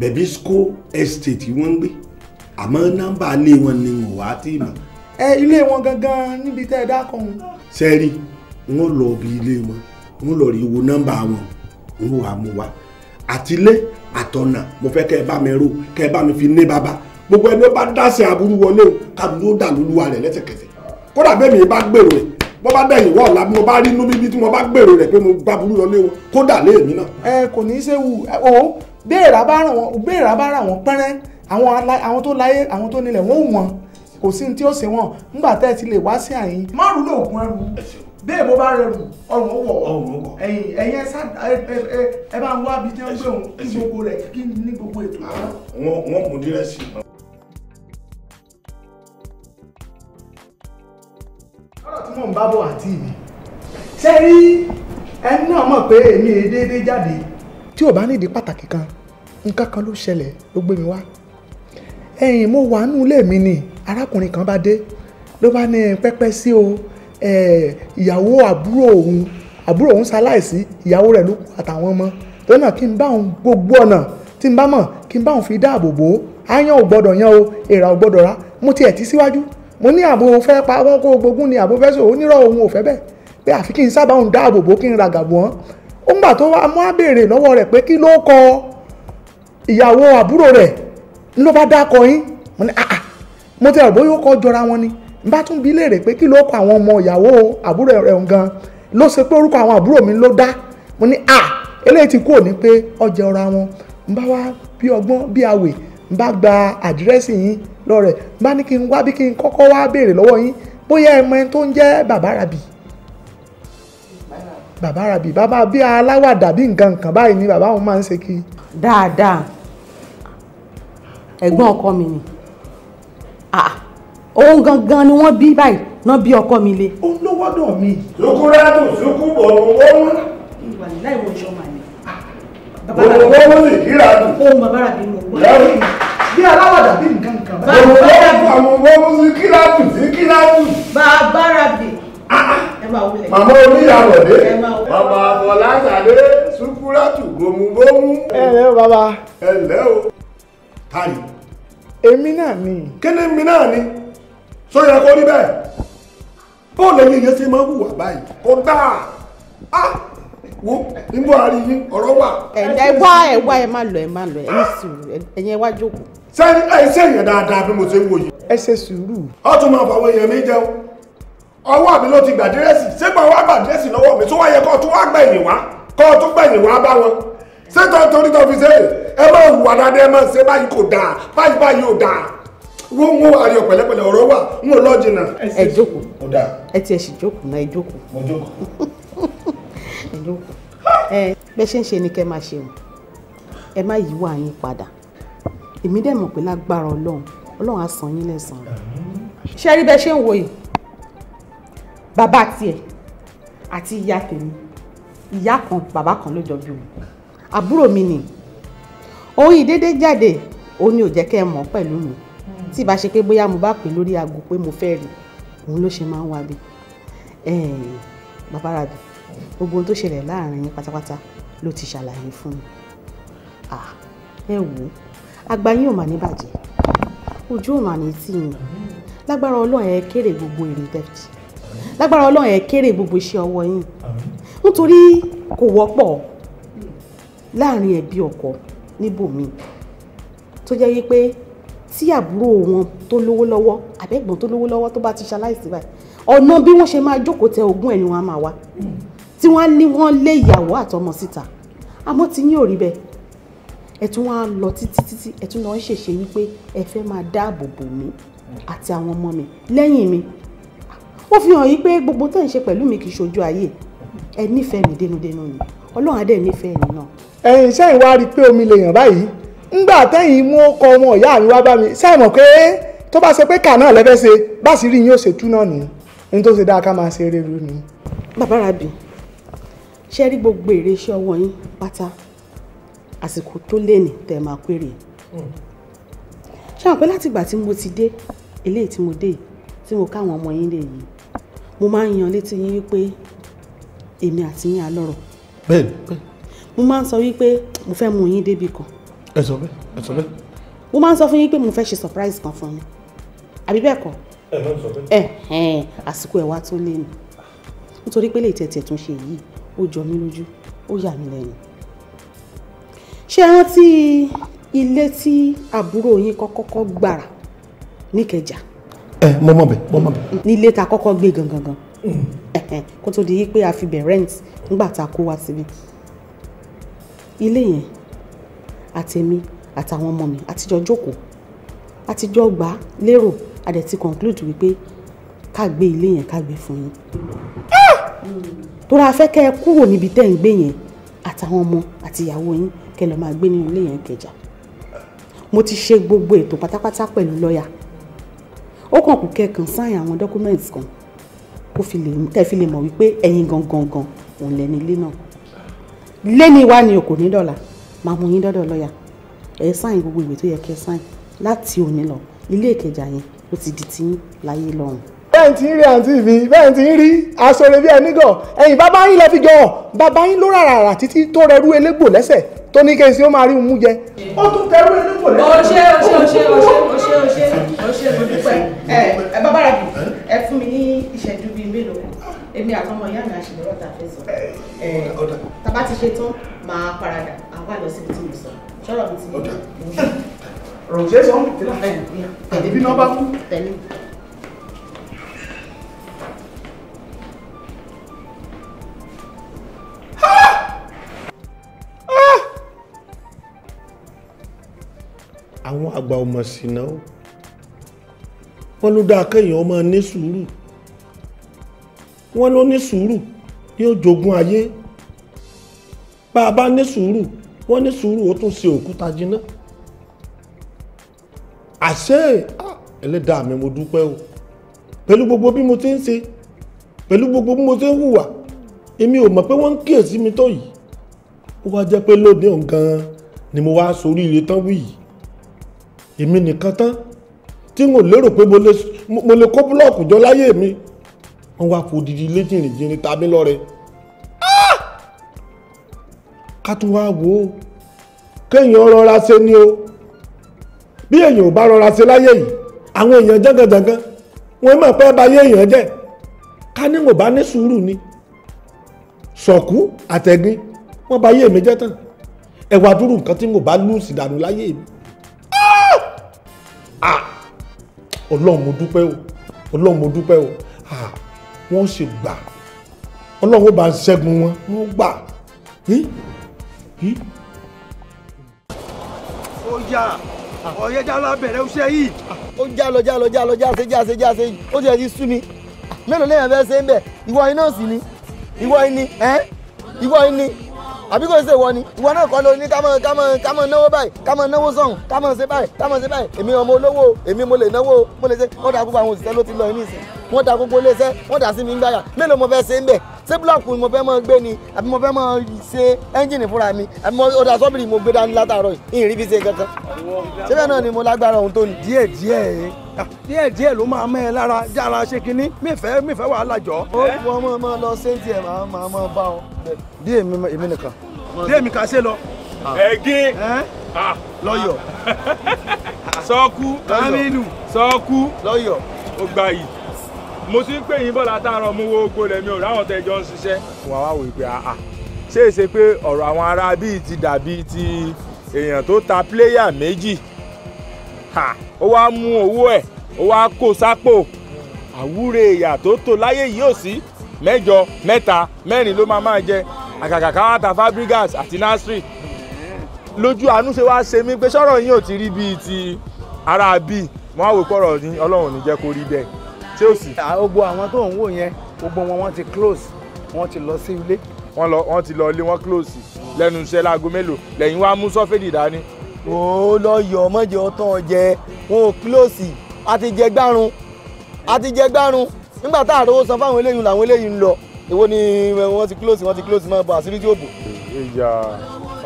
bẹ̀bí school estate wọ́n ń gbé àmọ́ nọ́mbà wọn ni wọ́n wá ima. ẹ ilé wọn gangan níbi tẹ́ ẹ dákọ̀ wọn. sẹ́ẹ̀rì wọ́n lọ bí ilé wọn wọ́n lọ wo nọ́mbà wọn wọ́n wà mú wa àtilé àtọ̀nà mo fẹ́ kẹ́ ẹ bá mi gbogbo ẹni bá dáṣẹ aburú wọlé o kábùrú ó dà lóluwa rẹ̀ lẹ́sẹ̀kẹsẹ̀ kódà bẹ́ẹ̀ mi bá gbèrò ẹ̀ bọ́ bá dẹ̀yìn wọ́n ọ̀la bí mo bá rí inú bíbí tí mo bá gbèrò rẹ̀ pé mo bá burú lọ o wọn kódà lé èmi náà. ẹ kò ní í ṣe wù ó béèrà bá ràn wọn béèrà bá ràn wọn pẹ́rẹ́ àwọn tó láyé àwọn tó nílẹ̀ wọ́n ò wọ́n kò sí ní tí ó ṣe wọ́n nígbà tẹ́ ẹ ti lè wá sí àyín. márùn ló gun ẹrù bẹ́ẹ̀ bó bá rẹrù ọrùn ó wọ̀ ẹ̀yìn ẹ̀yìn ẹ bá ń wá bí tí wọ́n gbé òun kí gbogbo rẹ̀ kí ní gbogbo ètò. Ah, wọ́n mú dírẹ́sì náà. ọ̀rọ̀ tí mò ń bá bọ̀ àǹtí mi ṣé rí ẹni náà mọ̀ pé èmi è déédé jáde tí ò bá nídìí pàtàkì kan nǹkan kan ló ṣẹlẹ̀ ló gbé mi wá ẹ̀yìn mo wà nínú ilé mi ni arákùnrin kan bá dé ló bá ní pẹ́pẹ́ sí o ìyàwó àbúrò òun àbúrò òun ṣaláìsí ìyàwó rẹ̀ ló kú àtàwọn ọmọ lọ́nà kí n bá òun gbogbo ọ̀nà tí n bá mọ̀ kí n bá òun fi dáàbò bò ó áyán ò gbọ́dọ̀ yan o èèrà ò gbọ́dọ̀ rá mo tiẹ̀ ti síwájú mo ní àbò òun fẹ́ pa wọ́n kó ni àbò fẹ́ sọ onírọ̀ òun ò fẹ́ bẹ́ẹ̀ pé àfi kí n sábà òun dáàbò bò kí n ra gàbọ̀ wọn ó ń gbà tó wá mọ́ àbèrè lọ́wọ́ rẹ̀ pé kí ló kọ ìyàwó àbúrò rẹ̀ ń ló bá dákọ yín mo ní ah, ah. jọra wọn ni n bá tún léèrè ọmọ ìyàwó àbúrò rẹ̀ gan ló orúkọ àwọn àbúrò mi ló dá mo ní à ah. eléyìí ti kú òní pé lọ́rẹ̀ bá ní kí n wá bí kí n kọ́kọ́ wá béèrè lọ́wọ́ yín bóyá ẹ mọ ẹni tó ń jẹ́ bàbá rabi bàbá rabi bàbá bí aláwàdà bí nǹkan kan báyìí ni bàbá òun máa ń ṣe kí. dáadáa ẹ̀gbọ́n ọkọ mi ni òun gangan ni wọ́n bí báyìí náà bí ọkọ mi le. ó ń lówó dọ̀ mi. sukú rádùn sukú bọ̀ owó. ìwà nílá ìwọ̀n ìṣọ́ màá ní. bọ̀ owó sì kíra dùn. ohun bàbá rabi mo wọ́n bí aláwàdà bí nǹkan kan. bàbá rabi àwọn ọmọ ọmọ sí kíláàbù sí kíláàbù. bàbá rabi. màmá oníyàwọ̀dé màmá ọ̀làṣàdé ṣùkúrátù gbòmùgbòmù. ẹ ǹlẹ́ o bàbá. ẹ ǹlẹ́ o tari. èmi náà ni. kí ni mi náà ni sọ yẹ kó rí bẹ́ẹ̀ bọ́ọ̀lù ẹ̀yìn yẹn ṣe máa ń hùwà báyìí kò dáa wo níbo àárí yín ọ̀rọ̀ wà. ẹ wá ẹ wá ẹ má lọ ẹ má lọ ẹ ní sùúrù ẹ̀yin ẹ wá jókòó. ṣé ẹ ṣe èèyàn dáadáa bí mo ṣe ń wò yìí. ẹ ṣe sùúrù. ó tún máa fàwọn èèyàn mi jẹun ọwọ́ mi ló ti gbà dírẹ́sì ṣé gbà wá gbà dírẹ́sì lọ́wọ́ mi tó wáyé kó tún wá gbẹ̀yìn wá kó tún gbẹ̀yìn wá bá wọn ṣé tó torí tó fi ṣe ẹ máa hùwà dáadáa ẹ máa ṣe báyìí kò dáa báyìí báyìí ò dáa wọ́n wọ́n àríọ̀ pẹ̀lẹ́pẹ̀lẹ́ ọ̀rọ̀ wà wọ́n lọ́jìnà. ẹ jókòó ẹ tiẹ̀ sì jókòó náà ẹ jókòó. mo jókòó. ìlókun bẹ́ẹ̀ ṣe ń ṣe ni kẹ́ máa ṣe o ẹ má yí wà yín padà èmi dẹ̀ mọ̀ pé lágbára ọlọ́run ọlọ́run á san yín lẹ́sàn-án ṣe rí bẹ́ẹ̀ ṣe ń wo yìí bàbá tiẹ̀ àti ìyá tèmi ìyá kan bàbá kan ló jọ bí mi àbúrò mi ni òun ìdédé jáde òun ni ò jẹ́ kẹ́ ẹ mọ̀ pẹ̀lú mi tí ìbá ṣe pé bóyá mo bá pè lórí aago pé mo fẹ́ rí òun ló ṣe máa ń wá bí bàbá rà dùn gbogbo ohun tó ṣẹlẹ̀ láàrin yín pátápátá ló ti ṣàlàyé fún mi ẹ wò ó àgbà yín ò mà ní bàjẹ́ ojú ò mà ní tì yín lágbára ọlọ́run ẹ kéré gbogbo èrè tẹ́tì lágbára ọlọ́run ẹ kéré gbogbo iṣẹ́ ọwọ́ yín nítorí kò wọ́pọ̀ láàrin ẹbí ọkọ níbòmí tó jẹ́ wípé tí àbúrò wọn tó lówó lọ́wọ́ àbẹ́gbọ́n tó lówó lọ́wọ́ tó bá ti ṣaláìsí báyìí ọ̀nà bí wọ́n ṣe máa jókòó tẹ ogún ẹ̀ ni wọ́n á máa wá tí wọ́n ní wọ́n lé ìyàwó àtọmọ síta àmọ́ tí yín ò rí bẹ́ẹ̀ ẹ tún wá lọ títí títí ẹ tún lọ ń ṣèṣe wípé ẹ fẹ́ máa dáàbò bò mí àti àwọn ọmọ mi lẹ́yìn mi ó fi hàn yí pé gbogbo tẹ̀ ń ṣe pẹ̀lú mi kì í ṣojú ayé ẹ nífẹ̀ẹ́ mi dénúdénú ni ọlọ́run adé nífẹ̀ẹ́ mi náà. ẹ̀yin ṣé ìwà rí i pé omi lè yàn báyìí ńgbà tẹ́yìn mú ọkọ ọmọ ìyá mi wá bá mi ṣé ẹ mọ̀ pé tó bá ṣe pé kà náà lẹ́fẹ́ ṣe bá sì rí yín ó ṣe tú náà ní tó ṣe dáa ká máa ṣe eré rú nìyí. bàbá rabi ṣe rí gbogbo èrè iṣẹ́ ọwọ́ yín pátá àsìkò tó lè ní tẹ́ máa péré ṣe àwọn pé láti ìgbà tí mo ti dé eléyìí tí mo dé tí mo káwọn ọmọ yín lè yìí mo máa ń yan létí yín wípé èmi àti yín alọ́rọ̀ bẹ́ẹ̀ni bẹ́ẹ̀ni mo máa ń sọ wípé mo fẹ́ mú yín débi kan ẹ sọ bẹ́ẹ̀ ẹ sọ bẹ́ẹ̀ mo máa ń sọ fún yín pé mo fẹ́ ṣe surprise kan fún yín àbí bẹ́ẹ̀ kọ́ ẹ máa ń sọ bẹ́ẹ̀ ẹ àsìkò ẹ̀ wá tó lé mi nítorí pé lè tẹ̀tẹ̀ tún ṣe yìí ó jọ mí lójú ó yà mí lẹ́nu. ṣé rántí ilé tí àbúrò yín kọ́kọ́kọ́ gbàrà níkẹjà. ẹ mo mọ̀ bẹ̀ mo mọ̀ bẹ̀. nílé ta kọ́kọ́ gbé gangan gan mm. kó tó di yí pé a fi bẹ̀ rent nígbà tá a kó wá síbi. ilé yẹn àtẹ̀mí àtàwọn ọmọ mi àtijọ́ jókòó àtijọ́ gbà lérò a dẹ̀ ti conclude wípé ká gbé ilé yẹn ká gbé fún yín. Ah! Mm. Tora a fẹ́ kẹ́ ẹ kúrò níbi tẹ́ ń gbé yẹn àtàwọn ọmọ àti ìyàwó yín kẹ́ lọ́ọ́ máa gbé nínú ilé yẹn kẹjà mo ti ṣe gbogbo ètò pátápátá pẹ̀lú lọ́ọ̀yà ó kàn kù kẹ́ẹ̀kan sáìn àwọn documents kan kó fi lè kẹ́ fi lè mọ̀ wípé ẹ̀yin gangan gan òun lẹ́ni ilé náà lẹ́ni wá ni òkò ní dọ̀là máa mú yín dọ́dọ̀ lọ́ọ̀yà ẹ sáìn gbogbo ìwé tó yẹ kẹ́ sáìn láti òní lọ ilé ìkẹjà yẹn ó ti di tiyín láyé lọ́run bẹ́ẹ̀ ti ń rí àǹtí mi bẹ́ẹ̀ ti ń rí aṣọre bí ẹni gàn ẹ̀yìn bàbá yín lẹ fi gan bàbá yín ló rà rà títí tó rẹrú elégbò lẹ́sẹ̀ tó ní kẹ́sì ó máa rí mú jẹ. ó tún tẹrú elégbò lẹ́sẹ̀. ó ṣe ó ṣe ó ṣe ó ṣe ó ṣe ẹ bàbá rà bù ẹ fún mi ní ìṣẹ́jú bíi mélòó èmi àtọmọ ìyá mi àṣìlérò tá a fẹ́ sọ ẹ tàbá ti ṣe tán máa paradà àwa lọ síbi tí mo sọ sọ̀rọ̀ mi ti ní. ròjẹ́ sọ ń tẹ̀lé àbí náà bá kú. àwọn àgbà ọmọ ṣìnà ó wọ́n ló dáa kéèyàn ọmọ ní sùúrù wọ́n ló ní sùúrù yóò jogún ayé bá a bá ní sùúrù wọ́n ní sùúrù ó tún ṣe òkúta jiná àṣé ẹlẹ́dàá mi mo dúpẹ́ o pẹ̀lú gbogbo bí mo ti ń ṣe pẹ̀lú gbogbo bí mo ti ń hùwà èmi ò mọ̀ pé wọ́n ń kíyèsí mi tó yìí ó wá jẹ́ pé lóde òun gan-an ni mo wá sórí ire tán wí yìí èmi nìkan tán tí n ò lérò pé mo lè kó búlọ́ọ̀kù jọ láyé mi wọ́n wá kó odidi ilé jìnrìnjìnrìn tàbí lọ́rẹ ah! ká tún wá wò ó kéèyàn rọra ṣe ni o bí èèyàn ò bá rọra ṣe láyé yìí àwọn èèyàn jẹ́gànjẹ́gàn wọ́n mọ̀ pé báyé èèyàn jẹ́ ká ní wọ́n bá ní sùúrù ni sọ̀kú àtẹ̀gbin wọ́n bá yé mi jẹ́ tán ẹ̀wà dúró nǹkan tí mo bá lùsì dànù láyé mi ah! Ah! ọlọ́run mo dúpẹ́ o ọlọ́run mo dúpẹ́ o ah! wọ́n ṣe gbà ọlọ́run ó bá ń ṣẹ́gun wọn wọ́n gbà. ó yá ọ̀yẹ́ bẹ̀rẹ̀ iṣẹ́ yìí. ó já lọ já lọ já lọ já ṣe já ṣe já ṣe ó ti ẹ̀ ti sú mi mélòó lèèyàn fẹ́ ṣe ń bẹ̀ ìwọ iná sì ni ìwọ ni ìwọ ni àbí kò ṣe ìwọ ni ìwọ náà kọ́ ló ní kámọ́ kámọ́ kámọ́ náwó báyìí kámọ́ náwó sọ̀hún kámọ́ ṣe báyìí kámọ́ ṣe báyìí èmi ọmọ olówó èmi mo lè náwó mo lè ṣe kọ́dà gbogbo àwọn òṣìṣẹ́ ló ti lọ ní ìsìn wọ́n da gbogbo iléeṣẹ́ wọ́n dà sí mi gbáyà mélòó mo fẹ́ ṣe ń bẹ̀ ṣé búlọ̀kù mo fẹ́ máa gbé ni àbí mo fẹ́ máa ṣe ẹ́ńjìnì fúnra mi àbí mo ọ̀dà sọ́bìrì mo gbé dání látàárọ̀ yìí ìrìn fi ṣe kankan ṣé bẹ́ẹ̀ náà ni mo lágbára ohun tó ní. díẹ̀ díẹ̀ ah, díẹ̀ díẹ̀ ló máa mẹ́ ẹ lára jára ṣe kinní mífẹ́ mífẹ́ wàhálà jọ. ó wọ́n mọ̀ mọ́ lọ ṣé tiẹ̀ máa máa bá ọ. díẹ̀ mi nìkan. díẹ̀ mi kà ṣe lọ. Ah. ẹ̀gẹ́ ah. lọ́yọ̀ sọ́kú lọ́yọ̀ sọ́kú lọ́yọ̀ ó gbà yìí mo ti ń pè yín bọ̀ látàárọ̀ mo wo ogo lẹ́mi ò ráwọn tẹ̀ jọ ń ṣiṣẹ́. wọn wá wò pé àà ṣé é ṣe pé ọ̀rọ̀ àwọn ará bíi ti dàbí ti èèyàn tó ta pléyà méjì ó wá mú owó ẹ̀ ó wá kó sápò àwúre ìyà tó tó láyé yìí ò sí mẹ́jọ mẹ́ta mẹ́rin ló máa máa jẹ àkàkà káwá ta Fabregas àti Nasri lójú àánú ṣe wá ṣe mí pé sọ̀rọ̀ yín ò ti rí bíi ti ara bíi mo wá wò pọ̀rọ̀ ní ọlọ́run ò ní jẹ́ kó rí bẹ́ẹ̀ ṣé o àwọn tó ń wò yẹn gbogbo wọn wọ́n ti close wọ́n ti lọ sí ilé. wọ́n lọ wọ́n ti lọ ilé wọ́n close lẹ́nu iṣẹ́ láago mélòó lẹ́yìn wá mú sọ́fẹ́dì dání. ó lọ yọ ọmọdé ọtán jẹ wọn ò close a jẹ gbárùn a jẹ gbárùn nígbà tá a rówó san fáwọn eléyìí làwọn eléyìí ń lọ èwo ni wọ́n ti close wọ́n ti close máa bọ àṣírí tí ó bò. ìyá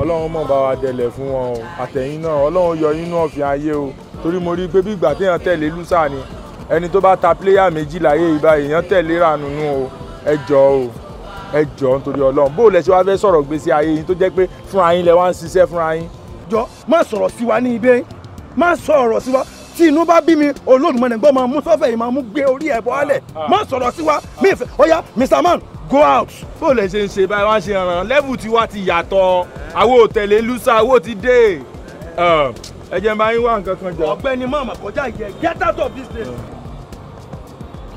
ọlọ́run mọ̀ bá wa dẹ̀lẹ̀ fún wọn o àtẹ̀yìn náà ọlọ́run yọ inú ọ̀fìn ayé o torí mo rí i pé bí ìgbà téèyàn tẹ̀lé lùsà ni ẹni tó bá ta pléyà méjì láyé ìbá èèyàn tẹ̀lé rànú nù o ẹ jọ o ẹ jọ nítorí Ọlọ́run bó o lẹ ṣe wá fẹ́ sọ̀rọ̀ gbèsè ayé yín tó jẹ́ pé fúnra yín lẹ wá ń ṣiṣẹ́ fúnra yín. jọ má sọ̀rọ̀ sí wa ní ibẹ̀ má sọ̀rọ̀ sí wa tí inú bá bí mi olódùmọ̀nì gbọ́ máa mú sọ́fẹ̀ yìí máa mú gbé orí ẹ̀ bọ́ọ̀lẹ̀ ah, ah. má sọ̀rọ̀ sí wa mi ìfẹ́ ọ̀yá Mr Man go out. bó o lẹ ṣe ń ṣe báyìí wá ń ṣe ràn lẹ́bù tí wá ti yàtọ̀ àwọn òtẹ̀lẹ̀ lùsà àwọn ti dé ẹ jẹ́ bá wá nǹkan kan jọ. ọ̀gbẹ́ni mọ̀ọ́mọ̀ kọjá yẹ get out of this place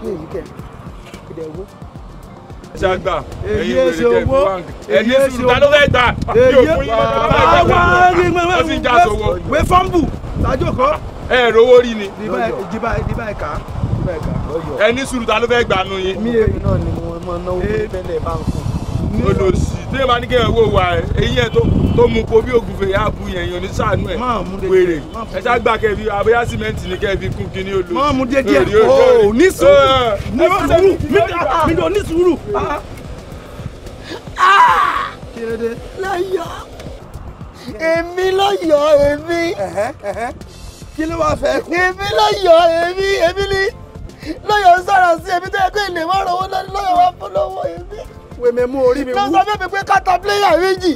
ní èyí kẹ ìdẹ wo. ẹ ṣe àgbà ẹyin èrè jẹ ìwọ ẹni sùúrù ta ló fẹ́ gbà yóò fún yín lọ́wọ́ àwọn ọmọ ìjà sọ̀wọ́. wé fọ́ǹbù tájò kọ́. ẹ ẹ rówó rí ni. dìbà dìbà ẹ̀ka ẹni sùúrù ta ló fẹ́ gbà nù yín. mi èyí náà ni náwó tẹ́lẹ̀ báńkì tí yóò máa ní kí ẹ wo wà eyín ẹ tó mu po bí ògùnfè yà bu yẹn yàn ní sànú ẹ wèrè ẹ ṣá gbà kẹfì abẹ́yà símẹ́ǹtì ní kẹfì kún kí ni ó lò. máa mú díẹ̀ díẹ̀ o ní sùúrù ah, ní sùúrù mi ò ní sùúrù. lọ́yọ̀ èmi lọ́yọ̀ èmi kí ló wàá fẹ́. èmi lọ́yọ̀ èmi èmi ni lọ́yọ̀ sọ̀rọ̀ sí èmi tó yẹ kó ìlè mọ́ràn owó lọ́yọ̀ wá fún lọ́wọ́ èmi wèmẹ̀ mú orí mi wú. lọ́sọ̀ bẹ́ẹ̀ pé káta pléyà méjì.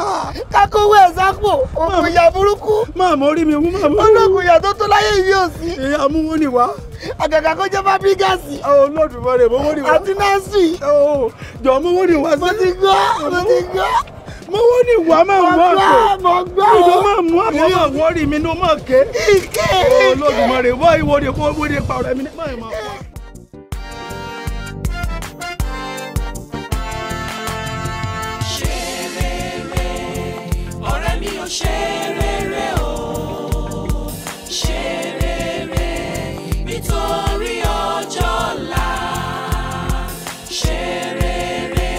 Ah. kákówó ẹ̀ sápò òkun ìyá burúkú. máa mọ orí mi wú máa mọ orí mi wú. olóògùn ìyá tó tó láyé yìí ò sí. èyí amúwó ni wá. àgàgà kó jẹ́ fábígàsì. ọ lọ́dún mọ́rẹ̀ mọ́wó ni wá. àti nọ́ọ̀sì. jọ mọ́wó ni wá sí. mo ti gbọ́ mo ti gbọ́. mọ́wó ni wá máa mú ọ̀pẹ. mo gbọ́ mo gbọ́. mo máa mú ọ̀pẹ. mo máa mọ orí mi ní mọ̀ọ́kẹ́. ìkẹ́ ìkẹ́. olóògùn mọ́rẹ̀ wọ́ ìwọ́de kó wọ́de pa ọ̀rẹ́ mi ní mi ò ṣe rere o ṣe rere nítorí ọjọ́ ọ̀la ṣe rere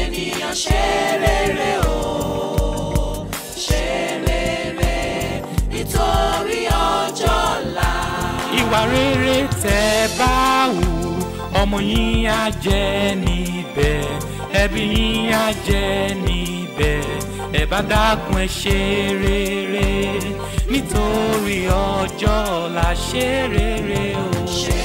ènìyàn ṣe rere o ṣe rere nítorí ọjọ́ ọ̀la. ìwà rere tẹ́ bá wù ọmọ yín á jẹ́ níbẹ̀ ẹbí á jẹ níbẹ̀ ẹ bá dákun ẹ ṣe rere nítorí ọjọ́ ọ̀la ṣe rere o. ṣe rere